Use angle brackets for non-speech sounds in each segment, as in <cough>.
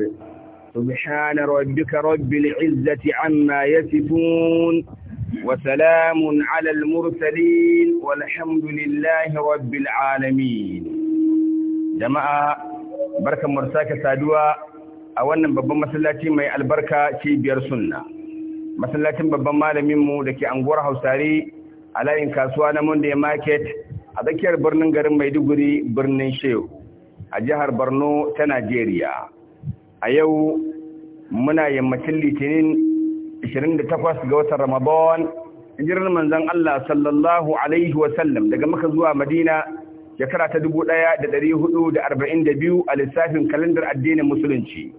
الأرض سبحان ربك رب العزة عما يصفون وسلام على المرسلين والحمد لله رب العالمين جماعة بركة مرساك سادوا أولا بابا مسلاتي مي البركة شي بير سنة مسلاتي بابا مالا ميمو لكي أنقور حوساري على إن كاسوانا موندي ماركت أذكر برنن غرم ميدوغري برنن شيو a jihar Borno ta Najeriya. a yau muna yammacin litinin 28 ga watan ramadan hijirar manzon Allah sallallahu alaihi wasallam daga maka zuwa madina shekara ta 1442 a lissafin kalandar addinin musulunci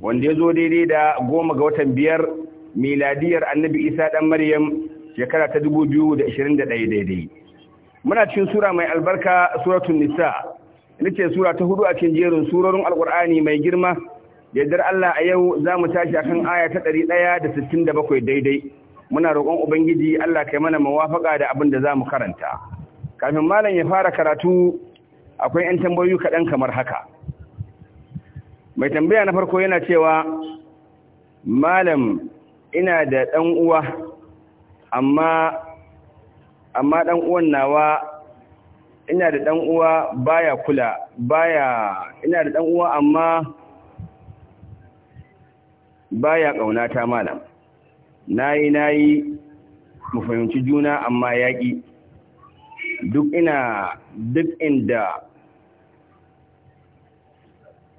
wanda ya zo daidai da goma ga watan biyar miladiyar annabi isa dan maryam shekara ta 2021 daidai muna cikin sura mai albarka suratul nisa ita ce sura ta hudu a cikin jerin surorin alkur'ani mai girma yaddar Allah a yau za mu tashi akan aya ta ɗari ɗaya da sittin da bakwai daidai muna roƙon ubangiji Allah kai mana mawafaka da abin da za mu karanta kafin malam ya fara karatu akwai 'yan tambayoyi kaɗan kamar haka mai tambaya na farko yana cewa malam ina da ɗan uwa amma amma ɗan uwan nawa ina da ɗan uwa baya kula baya ina da ɗan uwa amma baya ƙaunata malam nayi nayi mu fahimci juna amma yaƙi duk ina duk inda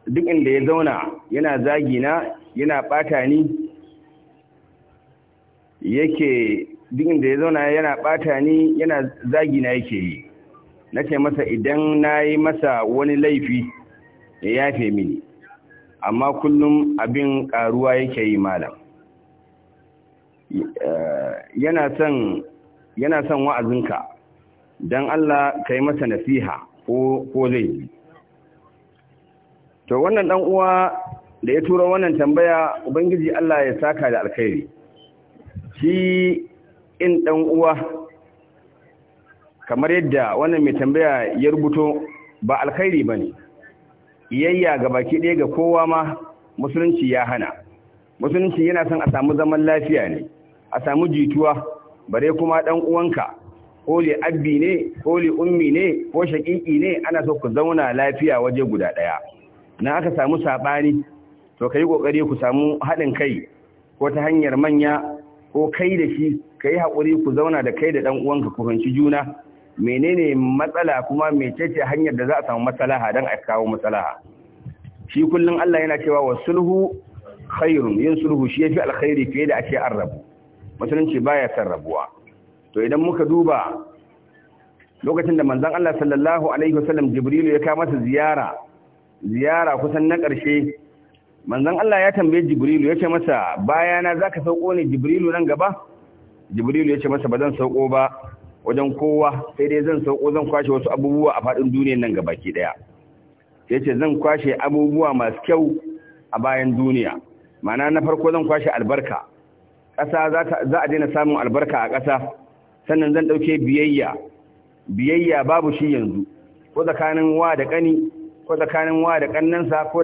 duk inda ya zauna yana zagina yana ɓata ni yake duk inda ya zauna yana ɓata ni yana zagina yake yi na ce masa idan na yi masa wani laifi ya yafe mini amma kullum abin ƙaruwa yake yi malam yana son yana wa'azinka don Allah ka yi masa nasiha ko zai yi to wannan dan uwa da ya tura wannan tambaya ubangiji Allah ya saka da alkhairi shi in ɗan uwa kamar yadda wannan mai tambaya ya rubuto ba alkhairi bane Iyayya ga baki ɗaya ga kowa ma musulunci ya hana musulunci yana son a samu zaman lafiya ne a samu jituwa bare kuma ɗan uwanka ko li abbi ne ko li ummi ne ko shaƙiƙi ne ana so ku zauna lafiya waje guda ɗaya na aka samu saɓani to ka yi ƙoƙari ku samu haɗin kai ko ta hanyar manya ko kai da shi ka yi haƙuri ku zauna da kai da ɗan uwanka ku fahimci juna menene matsala kuma mecece hanyar da za a samu matsalaha don a kawo matsalaha shi kullum Allah yana cewa wa sulhu khairun yin sulhu shi yafi alkhairi fiye da ake arrabu. musulunci baya san rabuwa to idan muka duba lokacin da manzon Allah sallallahu alaihi wasallam jibrilu ya kawo masa ziyara ziyara kusan na karshe manzon Allah ya tambaye jibrilu yace ce masa bayana zaka sauko ne jibrilu nan gaba jibrilu ya ce masa ba zan sauko ba wajen kowa sai dai zan sauko zan kwashe wasu abubuwa a faɗin duniyar nan gabaki ɗaya sai ce zan kwashe abubuwa masu kyau a bayan duniya Ma'ana na farko zan kwashe albarka ƙasa za a daina samun albarka a ƙasa sannan zan ɗauke biyayya biyayya babu shi yanzu ko tsakanin wa da ƙani ko tsakanin wa da ƙannansa ko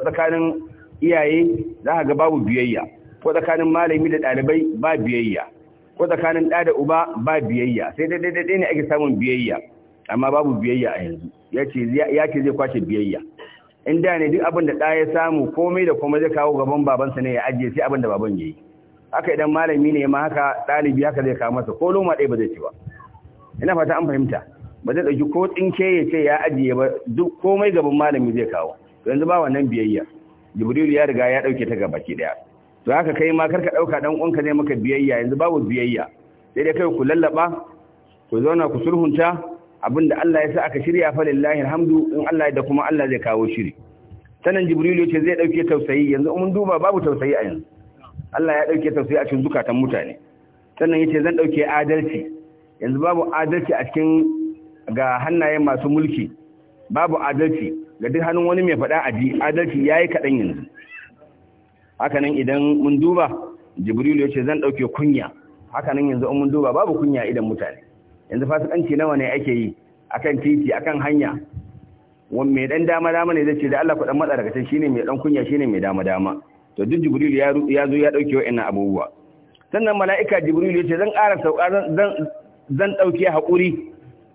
tsakanin iyaye za ka ga babu biyayya ko tsakanin malami da ɗalibai ba biyayya ko tsakanin ɗa da uba ba biyayya sai dai dai ne ake samun biyayya amma babu biyayya a yanzu ya ce zai kwace biyayya in da ne duk abin da ɗa ya samu komai da kuma zai kawo gaban babansa ne ya ajiye sai abin da baban ya yi haka idan malami ne ma haka ɗalibi haka zai kawo masa ko loma ɗaya ba zai ci ba ina fata an fahimta ba zai ɗauki ko tsinke ya ce ya ajiye ba duk komai gaban malami zai kawo yanzu ba wannan biyayya jibril ya riga ya ɗauke ta gabaki ɗaya to haka kai ma karka dauka dan uwanka ne maka biyayya yanzu babu biyayya sai dai kai ku lallaba ku zauna ku sulhunta abinda Allah ya sa aka shirya fa lillahi alhamdu in Allah da kuma Allah zai kawo shiri sanan jibrilu yace zai dauke tausayi yanzu mun duba babu tausayi a yanzu Allah ya dauke tausayi a cikin zukatan mutane sannan yace zan dauke adalci yanzu babu adalci a cikin ga hannayen masu mulki babu adalci ga duk hannun wani mai faɗa ji adalci yayi kaɗan yanzu hakanan idan mun duba jibrilu yace zan dauke kunya hakanan yanzu in mun duba babu kunya idan mutane yanzu fasikanci nawa ne ake yi akan titi akan hanya wan mai dan dama dama ne zace da Allah ku dan matsa daga can shine mai dan kunya shine mai dama dama to duk jibrilu ya ya zo ya dauke wa'annan abubuwa sannan mala'ika jibrilu yace zan ƙara sauka zan zan dauke hakuri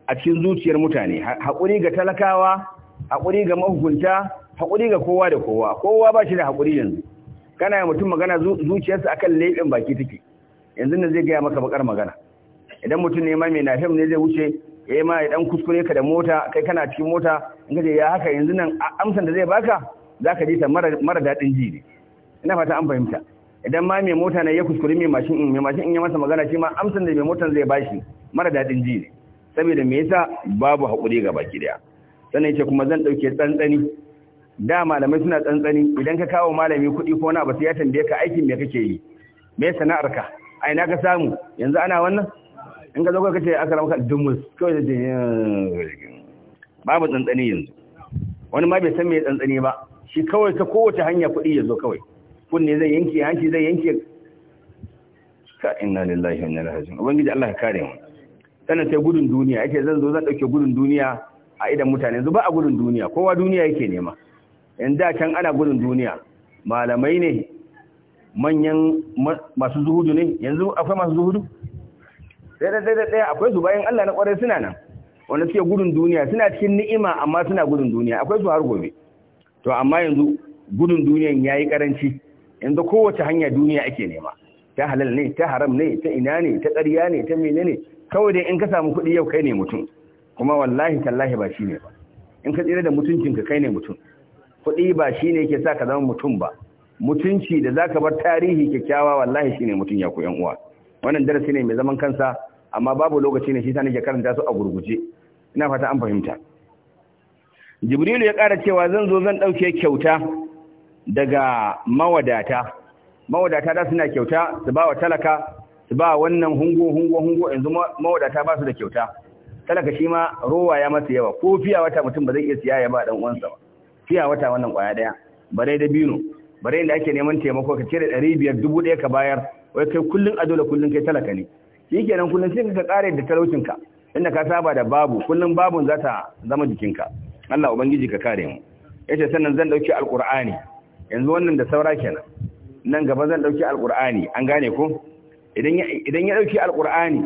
a cikin zuciyar mutane hakuri ga talakawa hakuri ga mahukunta hakuri ga kowa da kowa kowa ba shi da hakuri yanzu kana yi mutum magana zuciyarsa akan laifin baki take yanzu ne zai gaya maka bakar magana idan mutum ne ma mai nafim ne zai wuce ya eh ma ya dan kuskure ka da mota kai kana cikin mota in ka ya haka yanzu nan amsan da zai baka za ji ta mara daɗin ji ne ina fata an fahimta idan ma mai mota ne ya kuskure mai mashin in mai mashin in ya masa magana shi ma amsan da mai motan zai bashi mara daɗin ji ne saboda me yasa babu haƙuri ga baki daya sannan ce kuma zan ɗauke tsantsani da malamai suna tsantsani idan ka kawo malami kuɗi ko na ba sai ya tambaye ka aikin me kake yi me sana'arka a ina ka samu yanzu ana wannan in ka zo ka ce aka ramka dumus kai da hmm, babu tsantsani yanzu wani ma bai san me tsantsani ba shi kawai ta kowace hanya kuɗi ya zo kawai kunne zai yanke hanci zai yanke ka inna lillahi wa inna ilaihi raji'un ubangiji Allah ya kare mu sannan sai gudun duniya yake zan zo zan dauke gudun duniya a idan mutane yanzu ba a gudun duniya kowa duniya yake nema in da can ana gudun duniya malamai ne manyan masu zuhudu ne yanzu akwai masu zuhudu sai da sai ɗaya akwai su bayan Allah na ƙwarai suna nan wanda suke gudun duniya suna cikin ni'ima amma suna gudun duniya akwai su har gobe to amma yanzu gudun duniyan yayi karanci yanzu kowace hanya duniya ake nema ta halal ne ta haram ne ta ina ne ta ƙarya ne ta menene kawai dai in ka samu kuɗi yau kai ne mutum kuma wallahi tallahi ba shi ne ba in ka tsira da mutuncinka kai ne mutum kuɗi ba shi ne ke sa ka zama mutum ba mutunci da za ka bar tarihi kyakkyawa wallahi shi ne mutum ya koyan uwa wannan darasi ne mai zaman kansa amma babu lokaci ne shi sa nake karanta su a gurguje ina fata an fahimta jibrilu ya ƙara cewa zan zo zan ɗauke kyauta daga mawadata mawadata da suna kyauta su ba wa talaka su ba wannan hungo hungo hungo yanzu mawadata ba su da kyauta talaka shi ma rowa ya masa yawa ko fiya wata mutum ba zai iya siya ya ba dan uwansa ba fiya wata wannan kwaya daya bare da bino bare da ake neman taimako ka cire ɗari biyar dubu ɗaya ka bayar wai kai kullum a dole kullum kai talaka ne shi kenan kullum sai ka kare da talaucinka inda ka saba da babu kullum babun za ta zama jikinka Allah ubangiji ka kare mu yace sannan zan dauki alqur'ani yanzu wannan da saura kenan nan gaba zan dauki alqur'ani an gane ko idan ya idan ya dauki alqur'ani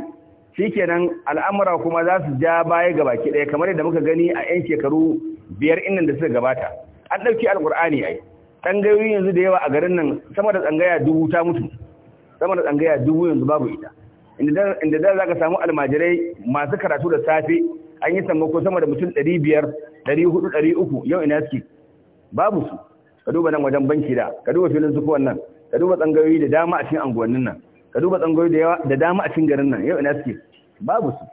shikenan al'amura kuma za su ja baya gaba baki daya kamar yadda muka gani a yan shekaru biyar innan da suka gabata an ɗauki alƙur'ani ai tsangayoyi yanzu da yawa a garin nan sama da tsangaya dubu ta mutu sama da tsangaya dubu yanzu babu ita inda da za ka samu almajirai masu karatu da safe an yi sammako sama da mutum ɗari biyar ɗari hudu ɗari uku yau ina suke babu su ka duba nan wajen banki da ka duba filin su kowannan ka duba tsangayoyi da dama a cikin anguwannin nan ka duba tsangayoyi da dama a cikin garin nan yau ina suke babu su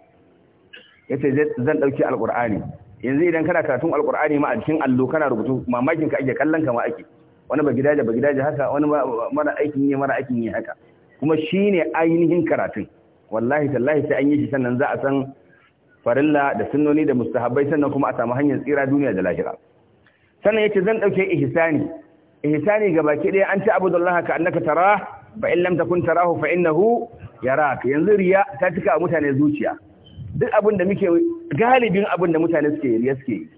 yace zan ɗauki alƙur'ani yanzu idan kana karatun alkur'ani ma a cikin allo kana rubutu mamakin ka ake kallon ka ma ake wani ba gidaje ba gidaje haka wani mara aikin yi mara aikin yi haka kuma shine ainihin karatun wallahi tallahi sai an yi shi sannan za a san farilla da sunnoni da mustahabbai sannan kuma a samu hanyar tsira duniya da lahira sannan yace zan dauke ihsani ihsani ga baki daya an ta abudullahi ka annaka tara fa in lam takun tarahu fa innahu yarak yanzu riya ta cika mutane zuciya duk abin da muke galibin abin da mutane suke yi suke yi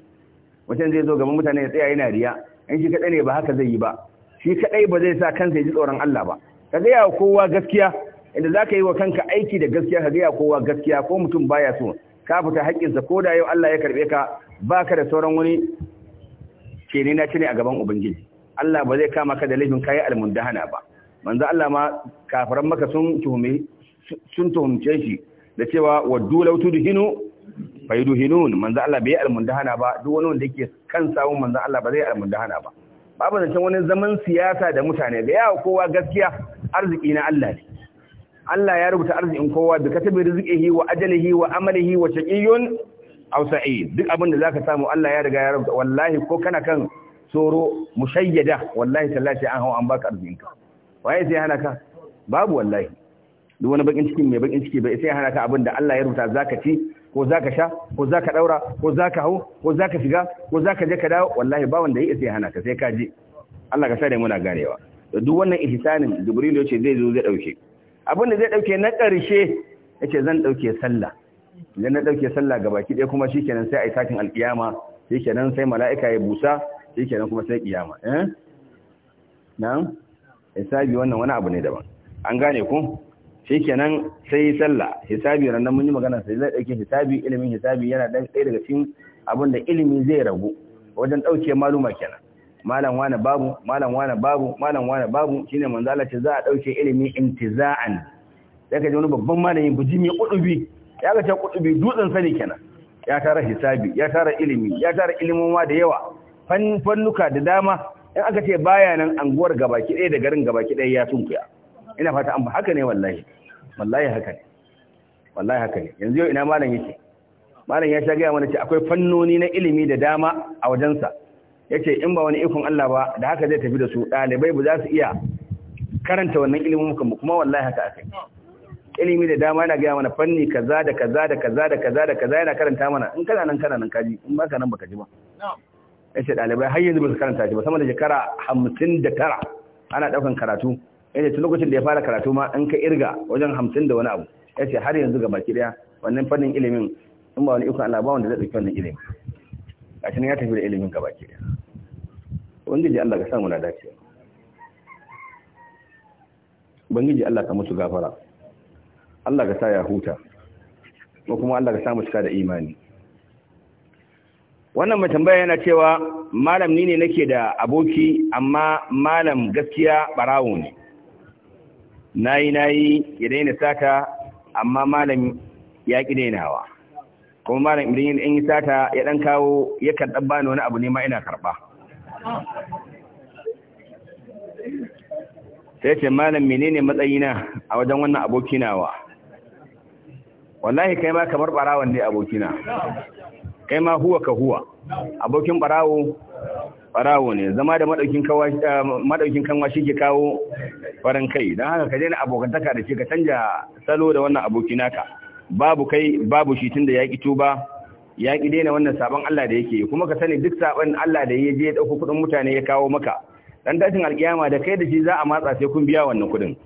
Wajen zai zo gaban mutane ya tsaya yana riya in shi kadai ne ba haka zai yi ba shi kaɗai ba zai sa kansa ya ji tsoron Allah ba ka ga wa kowa gaskiya inda zaka yi wa kanka aiki da gaskiya ka gaya yawa kowa gaskiya ko mutum baya so ka fita haƙƙinsa ko da yau Allah ya karbe ka baka da sauran wani ke ne na ci ne a gaban ubangiji Allah ba zai kama ka da laifin kayi almundahana ba manzo Allah ma kafiran maka sun tuhumi sun tuhumce shi da cewa waddu law tudhinu fayudhinun manzo Allah bai almundahana ba duk wani wanda yake kan sawun manzo Allah ba zai almundahana ba babu zancen wani zaman siyasa da mutane da yawa kowa gaskiya arziki na Allah ne Allah ya rubuta arzikin kowa bi katabi rizqihi wa ajalihi wa amalihi wa shaqiyyun aw sa'id duk abin da zaka samu Allah ya riga ya rubuta wallahi ko kana kan tsoro mushayyada wallahi tallahi an hawo an baka ka waye sai hana ka babu wallahi duk wani bakin ciki mai bakin ciki bai sai hana ka abin da Allah ya rubuta zaka ci ko zaka sha ko zaka daura ko zaka hau ko zaka shiga ko zaka je ka dawo wallahi ba wanda ya sai hana ka sai ka ji Allah ka sa da muna garewa duk wannan ihsanin Jibril ya ce zai zo zai dauke abin da zai dauke na karshe yace zan dauke sallah idan na dauke sallah gabaki ɗaya kuma shikenan sai ai sakin alkiyama shikenan sai mala'ika ya busa shikenan kuma sai kiyama eh na'am hisabi wannan wani abu ne daban an gane ku shikenan sai sallah hisabi ranar mun yi magana sai zai dauke hisabi ilimin hisabi yana dan ɗaya daga cikin abin da ilimi zai ragu wajen dauke maluma kenan malam wani babu malam wani babu malam wani babu shine manzo Allah ce za a dauke ilimi intiza'an sai ka ji wani babban malamin bujimi kudubi ya ga ta kudubi dutsen sani kenan ya tara hisabi ya tara ilimi ya tara ilimin wa da yawa fannuka da dama in aka ce baya nan anguwar gabaki ɗaya da garin gabaki ɗaya ya sunkuya ina fata an haka ne wallahi wallahi haka ne wallahi haka ne yanzu yau ina malam yake malam ya sha gaya mana ce akwai fannoni na ilimi da dama a wajensa ya ce in ba wani ikon Allah ba da haka zai tafi da su ɗalibai ba za su iya karanta wannan ilimin mu kuma wallahi haka akai ilimi da dama yana gaya mana fanni kaza da kaza da kaza da kaza da kaza yana karanta mana in kana nan kana nan kaji in baka nan baka ji ba ya ce ɗalibai har yanzu ba su karanta shi ba sama da shekara hamsin da tara ana ɗaukan karatu yadda tun lokacin da ya fara karatu ma an ka irga wajen hamsin da wani abu ya ce har yanzu ga baki daya wannan fannin ilimin in ba wani ikon Allah ba wanda zai dauki wannan ilimin ne ya tafi da ilimin ga baki daya ji Allah ka samu na dace Bangiji Allah ka mutu gafara Allah ka sa ya huta ko kuma Allah ka sa mu cika da imani wannan mai tambaya yana cewa malam ni ne nake da aboki amma malam gaskiya barawo ne Na yi na yi ya daina sata amma malam ya ƙi dainawa kuma malam idan in yi sata ya ɗan kawo ya ba bani wani abu ne ma ina karɓa sai ce malam menene matsayina a wajen wannan abokinawa wallahi kai ma kamar barawon ne abokina kai ma huwa ka huwa abokin barawo barawo ne zama da madaukin eh, kanwa shi ke kawo farin kai don haka ka daina abokantaka da shi ka canja salo da wannan aboki naka babu kai babu shi tun da ya ƙi tuba ya ki daina wannan sabon Allah da yake kuma ka sani duk sabon Allah da ya je ya ɗauko kuɗin mutane ya kawo maka dan tashin alkiyama da kai da shi za a matsa sai kun biya wannan kuɗin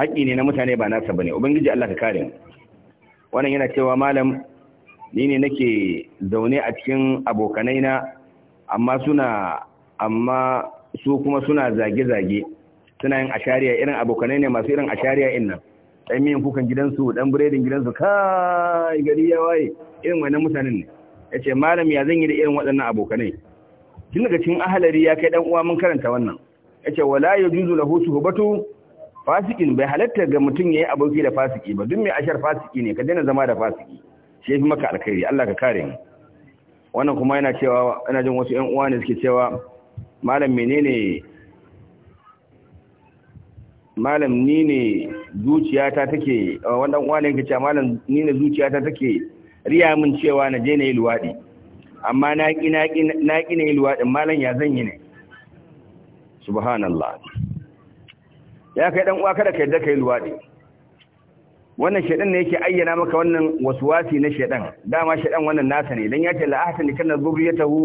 haƙƙi ne na mutane ba nasa ba ne. ubangiji Allah ka kare wannan yana cewa malam ni ne nake zaune a cikin abokanai amma suna amma su kuma suna zage-zage suna yin ashariya irin abokanai ne masu irin ashariya in nan ɗan miyan kukan gidansu ɗan biredin gidansu kai gari ya waye irin wannan mutanen ne ya ce malam ya zan yi da irin waɗannan abokanai tun daga cikin ahalari ya kai ɗan uwa mun karanta wannan ya ce wala ya juzu lahu suhbatu fasikin bai halatta ga mutum ya yi aboki da fasiki ba duk mai ashar fasiki ne ka daina zama da fasiki shi ya fi maka alkhairi Allah ka kare mu wannan kuma yana cewa ina jin wasu 'yan uwa ne suke cewa malam menene malam ni ne zuciyata take wannan uwa ne yake cewa malam ni ne zuciyata take riya min cewa na je na yi luwadi amma na ki na ki na ki ne luwadi malam ya zan yi ne subhanallah ya kai dan uwa kada ka yadda kai luwadi wannan shaidan ne yake ayyana maka wannan waswasi na shaidan dama shaidan wannan nasa ne dan yace la ahsan kana zurriyatahu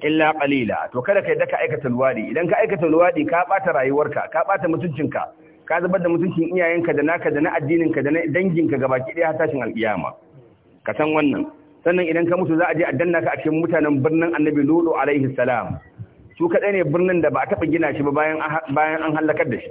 illa qalila to kada kai da ka aikata luwadi idan ka aikata luwadi ka bata rayuwarka ka bata mutuncinka ka zubar da mutuncin iyayenka da naka da na addininka da na danginka gabaki daya har tashin alkiyama ka san wannan sannan idan ka mutu za a je a danna ka a cikin mutanen birnin annabi lutu alaihi salam su kadai ne birnin da ba a taba gina shi ba bayan bayan an halakar da shi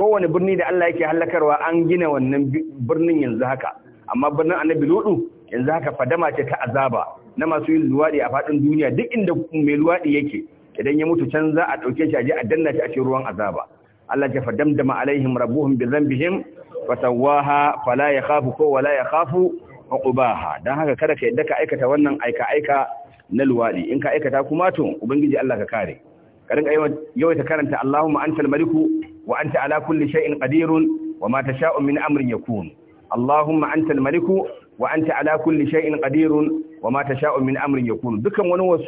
kowane birni da Allah yake hallakarwa an gina wannan birnin yanzu haka amma birnin annabi ludu yanzu haka fadama ce ta azaba na masu yin luwaɗi a faɗin duniya duk inda mai luwaɗi yake idan ya mutu can za a ɗauke shi a je a danna shi a cikin ruwan azaba Allah ya fadamdama alaihim rabbuhum bi dhanbihim fa sawaha fala yakhafu ko wala yakhafu uqbaha dan haka kada ka yadda ka aikata wannan aika aika na luwaɗi in ka aikata kuma to ubangiji Allah ka kare ka rinka yawaita karanta Allahumma antal maliku wa anta ala kulli shay'in qadirun wa ma tasha'u min amrin yakun Allahumma antal maliku wa anta ala kulli shay'in qadirun wa ma tasha'u min amrin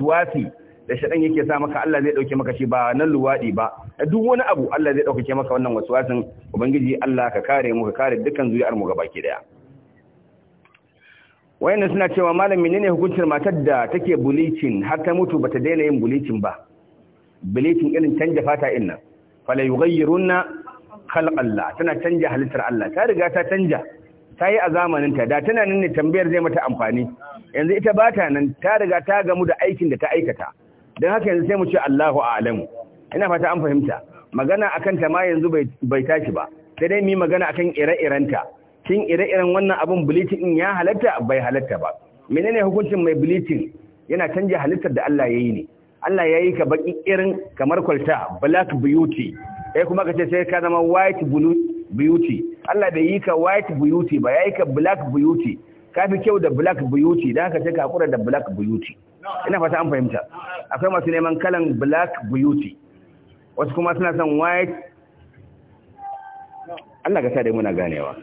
wani da shaɗan yake sa maka Allah zai ɗauke maka shi ba nan luwaɗi ba duk wani abu Allah zai ɗauke maka wannan wasuwasin ubangiji Allah ka kare mu ka kare dukkan zuriyar mu gabaki daya wayannan suna cewa malam menene hukuncin matar da take bleaching har ta mutu bata daina yin bleaching ba bleaching irin canja fata in nan fala yughayyirunna khalqa Allah tana canja halittar Allah ta riga ta canja ta yi a zamaninta da tana nan ne tambayar zai mata amfani yanzu ita ba ta nan ta riga ta gamu da aikin da ta aikata don haka yanzu sai mu ce Allahu a'lamu ina fata an fahimta magana akan ta ma yanzu bai tashi ba sai dai mu magana akan ire-irenta kin ire-iren wannan abun bleaching ya halatta bai halatta ba menene hukuncin mai bleaching yana canja halittar da Allah yayi ne Allah ya yi ka baki irin kamar kwalta black beauty eh kuma ka ce sai ka zama white blue beauty Allah bai yi ka white beauty ba ya yi ka black beauty ka fi kyau da black beauty dan haka sai ka kura da black beauty ina fata an fahimta akwai masu neman kalan black beauty wasu kuma suna son white Allah ka sa dai muna ganewa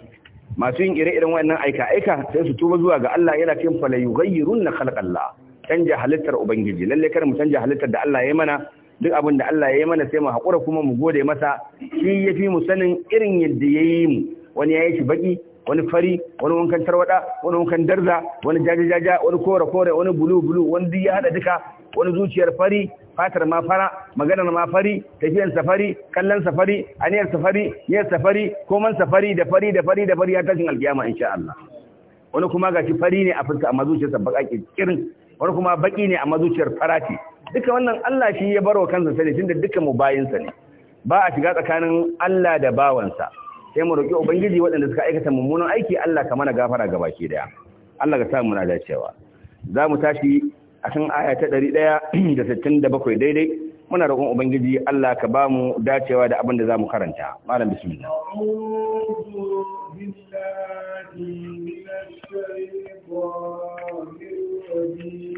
masu yin ire-iren wannan aika-aika sai su tuba zuwa ga Allah yana cin fala yughayyirun na Allah canja halittar ubangiji lalle kar mu canja halittar da Allah ya mana duk abin da Allah ya yi mana sai mu haƙura kuma mu gode masa shi ya fi mu sanin irin yadda ya yi mu wani ya yi shi baƙi wani fari wani wankan tarwada wani wankan darza wani jajajaja wani kore kore wani bulu bulu wani duk ya haɗa duka wani zuciyar fari fatar ma fara maganar ma fari tafiyan safari kallon safari aniyar safari niyar safari koman safari da fari da fari da fari ya tashin alkiyama insha Allah wani kuma ga shi fari ne a fuska amma zuciyarsa baƙaƙe kirin wani kuma baki ne a mazuciyar farati duka wannan Allah shi ya baro kansa sani tunda duka mu bayinsa ne ba a shiga tsakanin Allah da bawansa sai mu roki ubangiji waɗanda suka aikata mummunan aiki Allah ka mana gafara ga baki daya Allah ka sa mu na dacewa za mu tashi a akan aya ta 167 daidai muna roƙon ubangiji Allah ka ba mu dacewa da abin da za mu karanta malam bismillah Thank you.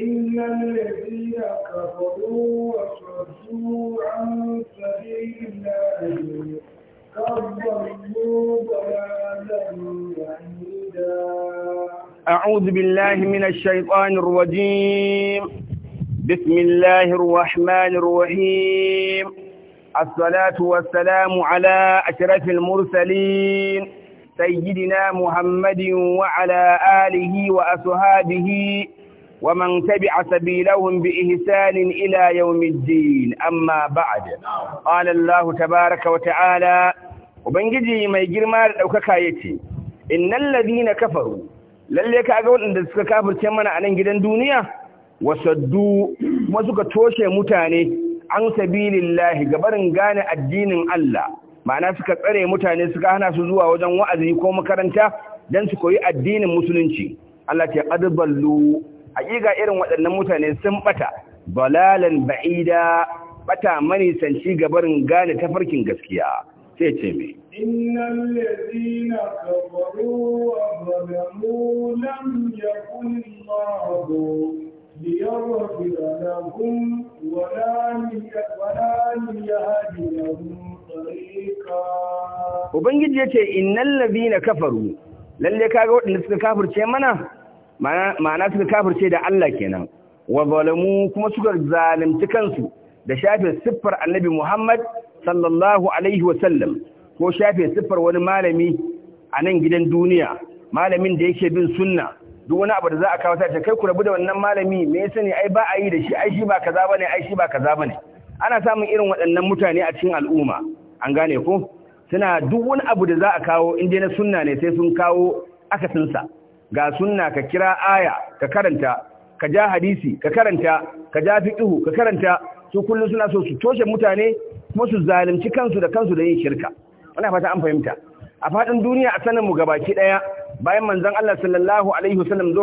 إن الذين كفروا عن سبيل الله أعوذ بالله من الشيطان الرجيم بسم الله الرحمن الرحيم الصلاة والسلام على أشرف المرسلين سيدنا محمد وعلى آله وأصحابه ومن تبع سبيلهم بإحسان إلى يوم الدين أما بعد قال الله تبارك وتعالى وبنجي ما يجرما لأوكاكا يتي إن الذين كفروا lalle ka ga waɗanda suka kafirce mana a nan gidan duniya wasaddu kuma suka toshe mutane an sabilin lahi gabarin gane addinin Allah ma'ana suka tsare mutane suka hana su zuwa wajen wa'azi ko makaranta don su koyi addinin musulunci Allah ce qad ballu irin waɗannan mutane sun bata balalan ba'ida bata mani sanci gabarin gane tafarkin gaskiya sai ce me innal ladina kafaru wa zalamu lam yakun ليغفر لهم ولا ليهديهم طريقا وبنجد يتي إن الذين كفروا lalle kaga waɗanda suka kafirce mana ma'ana suka kafirce da Allah kenan wa zalamu kuma suka zalunci kansu da shafe siffar annabi Muhammad sallallahu alaihi wasallam ko shafe siffar wani malami a nan gidan duniya malamin da yake bin sunna duk wani abu da za a kawo sai kai ku rabu da wannan malami me yasa ne ai ba a yi da shi ai shi ba kaza bane ai shi ba kaza bane ana samun irin waɗannan mutane a cikin al'umma an gane ko suna duk wani abu da za a kawo in dai na sunna ne sai sun kawo akasin sa ga sunna ka kira aya ka karanta ka ja hadisi ka karanta ka ja fiqhu ka karanta su kullun suna so su toshe mutane kuma su zalunci kansu da kansu da yin shirka ana fata an fahimta a faɗin duniya a sanin mu gabaki ɗaya bayan manzon Allah sallallahu alaihi wasallam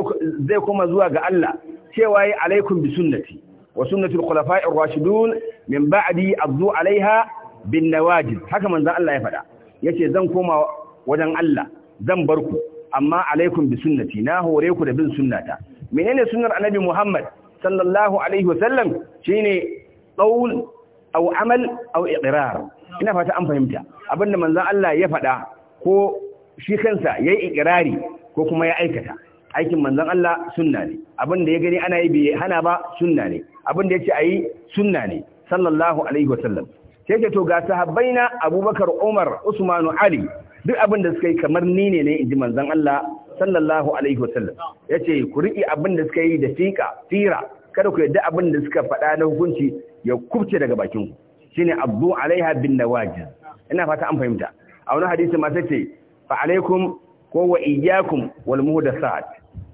zai koma zuwa ga Allah cewa yi alaikum bi sunnati wa sunnatul al-khulafa'i rashidun min ba'di azu alaiha bin nawajid haka manzan Allah ya faɗa yace zan koma wajen Allah zan bar ku amma alaikum bi sunnati na hore ku da bin sunnata menene sunnar annabi Muhammad sallallahu alaihi wasallam shine qaul aw amal aw iqrar ina fata an fahimta abinda manzon Allah ya faɗa ko shi kansa ya yi ikirari ko kuma ya aikata aikin manzan Allah sunna ne abin da ya gani ana yi bai hana ba sunna ne abin da ya ce a yi sunna ne sallallahu alaihi wasallam sai ke to ga sahabbai na abubakar umar usmanu ali duk abin da suka yi kamar ni ne ne inji manzan Allah sallallahu alaihi wasallam ya ce ku riƙe abin da suka yi da fiƙa fira kada ku yadda abin da suka faɗa na hukunci ya kubce daga bakin ku shine abdu alaiha bin nawajin ina fata an fahimta a wani hadisi ma sai ce fa alaikum ko wa iyyakum wal muhdathat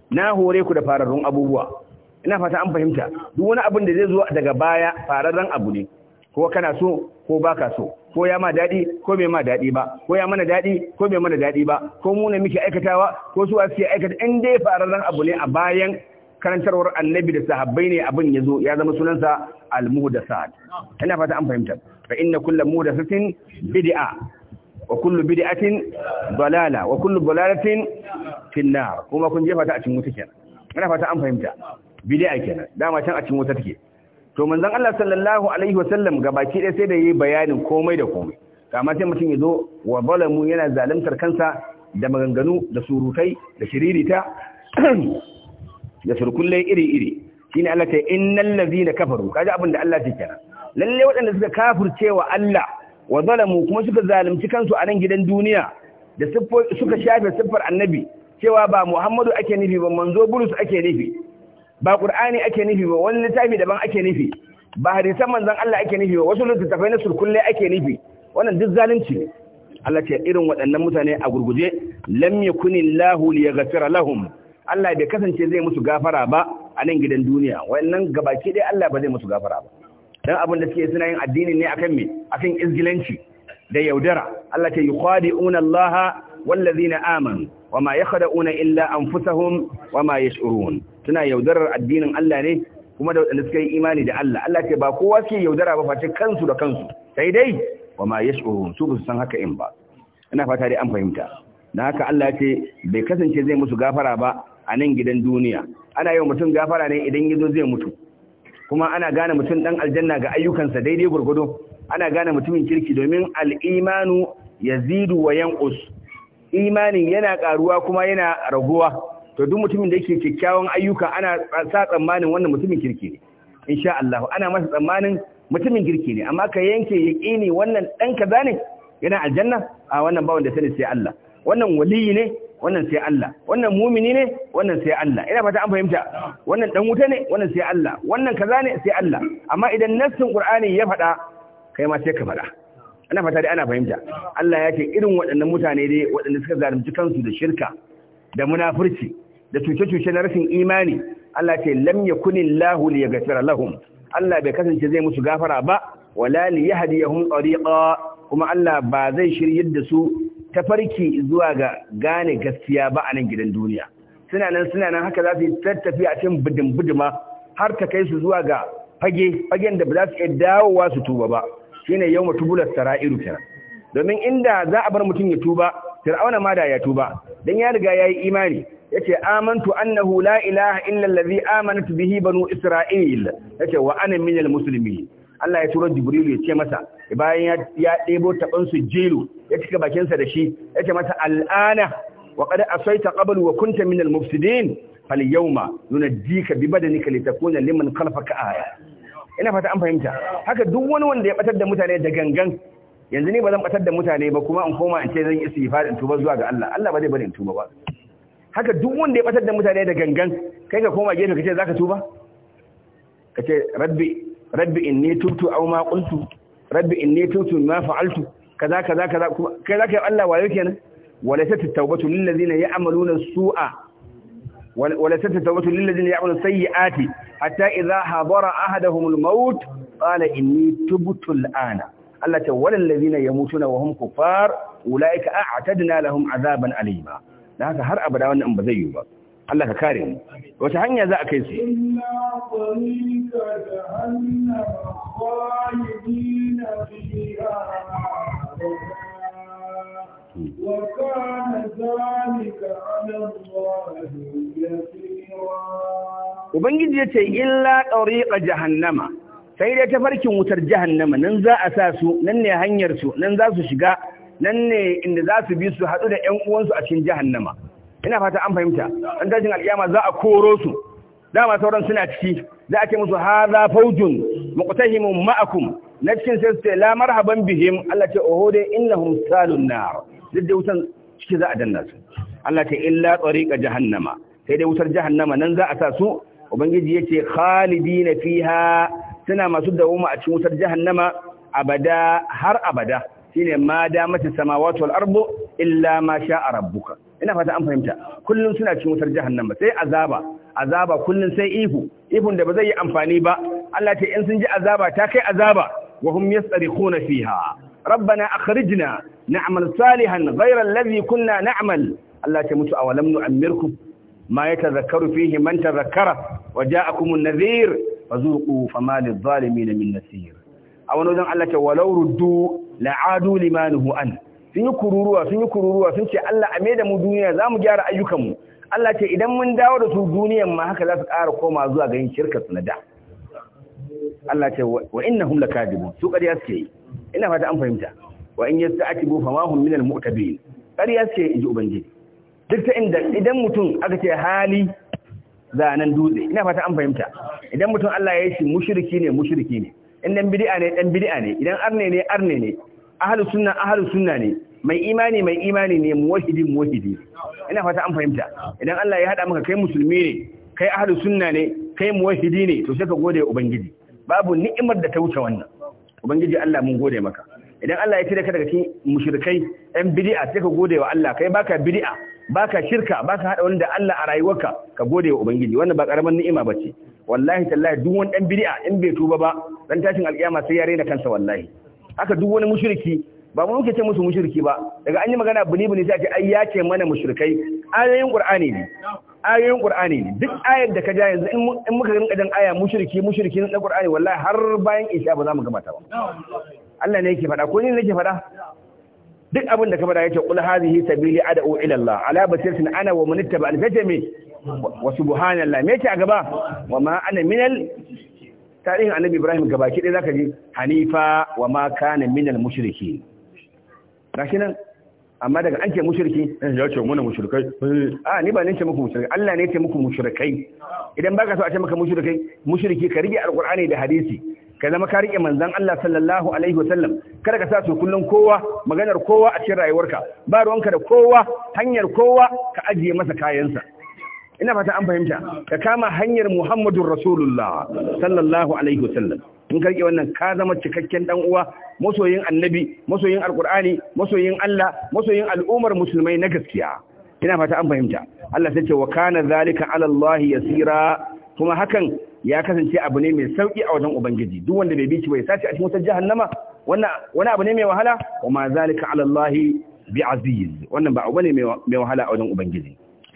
na hore ku da fararrun abubuwa ina fata an fahimta duk wani abin da zai zo daga baya fararran abu ne ko kana so ko baka so ko ya ma daɗi ko bai ma daɗi ba ko ya mana daɗi ko bai mana daɗi ba ko mu ne muke aikatawa ko su wasu suke aikata in dai fararran abu ne a bayan karantarwar annabi da sahabbai ne abin ya zo ya zama sunansa al-muhdathat ina fata an fahimta fa inna kullu muhdathatin bid'a wa kullu bid'atin dalala kuma kun jefa ta a cikin wuta kenan ina fata an fahimta bid'a kenan dama can a cikin wuta take to manzon Allah sallallahu alaihi wasallam gabaki ɗaya sai da yi bayani komai da komai kama sai mutum ya zo wa balamu yana zaluntar kansa da maganganu da surutai da shiririta da surkulle iri-iri shine Allah ta innal ladina kafaru kaji abin da Allah ke kira waɗanda suka kafircewa Allah wa zalamu kuma suka zalunci kansu a nan gidan duniya da suka shafe siffar annabi cewa ba Muhammadu ake nufi ba manzo Bulus ake nufi ba Qur'ani ake nufi ba wani littafi daban ake nufi ba hadisan manzon Allah ake nufi ba wasu littattafai na surkulle ake nufi wannan duk zalunci ne Allah ce irin waɗannan mutane a gurguje lam yakunillahu liyaghfira lahum Allah bai kasance zai musu gafara ba a nan gidan duniya wannan gabaki dai Allah ba zai musu gafara ba dan abin da suke suna yin addini ne akan me akan izgilanci da yaudara Allah ta yuqadi'una Allah ladina amanu wama yakhda'una illa anfusahum wama yash'urun suna yaudarar addinin Allah ne kuma da wanda suka yi imani da Allah Allah ke ba kowa suke yaudara ba face kansu da kansu sai dai wama yash'urun su ba san haka in ba ina fata dai an fahimta na haka Allah ce bai kasance zai musu gafara ba a nan gidan duniya ana yi wa mutum gafara ne idan ya zai mutu kuma ana gane mutum dan aljanna ga ayyukansa daidai gurgudu ana gane mutumin kirki domin al'imanu yazidu wa yanqus imanin yana karuwa kuma yana raguwa to duk mutumin da yake kyakkyawan ayyuka ana sa tsammanin wannan mutumin kirki ne insha Allah ana masa tsammanin mutumin kirki ne amma ka yanke yaqini wannan dan kaza ne yana aljanna a wannan ba wanda sani sai Allah wannan waliyi ne wannan sai Allah wannan mumini ne wannan sai Allah ina fata an fahimta wannan dan wuta ne wannan sai Allah wannan kaza ne sai Allah amma idan nassin Qur'ani ya faɗa kai ma sai ka faɗa ina fata dai ana fahimta Allah ya ce irin waɗannan mutane dai waɗanda suka zalunci kansu da shirka da munafurci da cuce-cuce na rashin imani Allah ce lam yakunillahu liyaghfira lahum Allah bai kasance zai musu gafara ba wala liyahdiyahum tariqa kuma Allah ba zai shiryar da su tafarki zuwa ga gane gaskiya ba a nan gidan duniya suna nan suna nan haka za su yi tattafi a cikin bidin har ta kai su zuwa ga fage fagen da ba za su iya dawowa su tuba ba shine yau tubulat sara'iru kenan domin inda za a bar mutum ya tuba fir'auna ma da ya tuba dan ya riga yayi imani yace amantu annahu la ilaha illa allazi amanat bihi banu isra'il yace wa ana minal muslimin Allah ya turo Jibril ya ce masa bayan ya ɗebo taban su jelu ya cika bakinsa da shi ya ce masa al'ana wa qad asaita qabl wa kunta min al-mufsidin fal yawma nunaddika bi badanika takuna liman khalfaka aya ina fata an fahimta haka duk wani wanda ya batar da mutane da gangan yanzu ne ba zan batar da mutane ba kuma in koma in ce zan istighfar in tuba zuwa ga Allah Allah ba zai bari in tuba ba haka duk wanda ya batar da mutane da gangan kai ka koma gefe kace zaka tuba kace rabbi rabbi inni tubtu aw ma qultu rabbi in inni tutu ma fa'altu kaza kaza kaza kuma kai zaka yi Allah wayo kenan walaysat at-tawbatu lil ladina ya'maluna as-su'a walaysat at-tawbatu lil ladina ya'maluna sayyi'ati hatta idha hadara ahaduhum al-maut qala inni tubtu al-ana Allah ta walal ladina yamutuna wa hum kuffar ulaika a'tadna lahum azaban alima dan haka har abada wannan ba zai yi ba Allah ka kare ni wata hanya za a kai su Ubangiji ya ce, Illa ɗauriƙa jahannama, sai dai ta farkin wutar jahannama nan za a sa su, nan ne hanyarsu, nan za su shiga, nan ne inda za su bi su haɗu da ‘yan uwansu a cikin jahannama. ina fata an fahimta an dajin alkiyama za a koro su dama sauran suna ciki za a ce musu hadha faujun muqtahimun ma'akum na cikin sai su ce la marhaban bihim Allah ce oho dai innahum salun nar duk da wutan ciki za a danna su Allah ce illa tariqa jahannama sai dai wutar jahannama nan za a sa su ubangiji yace khalidina fiha suna masu dawoma a cikin wutar jahannama abada har abada shine ma damatis samawati wal ardu illa ma sha'a rabbuka ina fata an fahimta kullun suna cikin wutar jahannama sai azaba azaba kullun sai ihu ihun da ba zai yi amfani ba Allah ce in sun ji azaba ta kai azaba wa hum yasrikhuna fiha rabbana akhrijna na'mal salihan ghayra alladhi kunna na'mal Allah ce mutu awalam nu'ammirkum ma yatadhakkaru fihi man tadhakkara wa ja'akum an-nadhir fazuqu fama lidh-dhalimin min nasir aw wajen Allah ce walaw ruddu la'adu limanhu an sun yi kururuwa sun yi kururuwa sun ce Allah a maida mu duniya za mu gyara ayyukanmu Allah ce idan mun dawo da su duniyan ma haka za su ƙara koma zuwa ga yin shirka su na da Allah ce wa innahum lakadibun su ƙarya suke yi ina fata an fahimta wa in yasta'tibu fa ma hum minal mu'tabin ƙarya suke yi ji ubangiji duk ta inda idan mutum aka ce hali nan dutse ina fata an fahimta idan mutum Allah ya yi shi mushriki ne mushriki ne in dan bid'a ne dan bid'a ne idan arne ne arne ne ahlus sunna ahlus sunna ne mai imani mai imani ne muwahidi muwahidi ina fata an fahimta idan Allah ya hada maka kai musulmi ne kai ahlu sunna ne kai muwahidi ne to sai ka gode ubangiji babu ni'imar da ta wuce wannan ubangiji Allah mun gode maka idan Allah ya cire ka daga cikin mushrikai ɗan bid'a sai ka gode wa Allah kai baka bid'a baka shirka baka hada wani da Allah a rayuwarka ka gode wa ubangiji wannan ba karaman ni'ima bace wallahi tallahi duk wani ɗan bid'a in bai tuba ba dan tashin alƙiyama sai ya rena kansa wallahi haka duk wani mushriki ba mu muke ce musu mushriki ba daga an yi magana bini bini sai ce ai ya ce mana mushrikai ayoyin qur'ani ne ayoyin qur'ani ne duk ayar da ka ja yanzu in muka rinka jan aya mushriki mushriki na qur'ani wallahi har bayan isha ba za mu gama ta ba Allah ne yake faɗa ko ni ne yake faɗa duk abin da ka faɗa yace qul hadhihi sabili ad'u ila Allah ala basiratin ana wa man ittaba al me wa subhanallah me ce a gaba wa ma ana minal tarihin annabi Ibrahim gabaki ɗaya zaka ji hanifa wa ma kana minal mushriki gashi nan amma daga an ce mushriki eh, ya ce muna mushrikai eh. a ah, ni ba ne ce muku mushrikai Allah ne ce muku mushrikai idan baka so a ce maka mushrikai mushriki ka rige alqur'ani da hadisi ka zama ka rike manzon Allah sallallahu alaihi wasallam kada ka sa su kullun kowa maganar kowa a cikin rayuwarka ba ruwanka da kowa hanyar kowa ka ajiye masa kayansa ina fata an fahimta ka kama hanyar Muhammadur Rasulullah sallallahu alaihi wasallam in karke wannan ka zama cikakken dan uwa masoyin annabi masoyin alkur'ani masoyin Allah masoyin al'ummar musulmai na gaskiya ina fata an fahimta Allah sai ce wa kana zalika ala Allah yasira kuma hakan ya kasance abu ne mai sauki a wajen ubangiji duk wanda bai bi shi bai sace a cikin wutar jahannama wannan wani abu ne mai wahala wa ma zalika ala Allah bi aziz wannan ba abu ne mai wahala a wajen ubangiji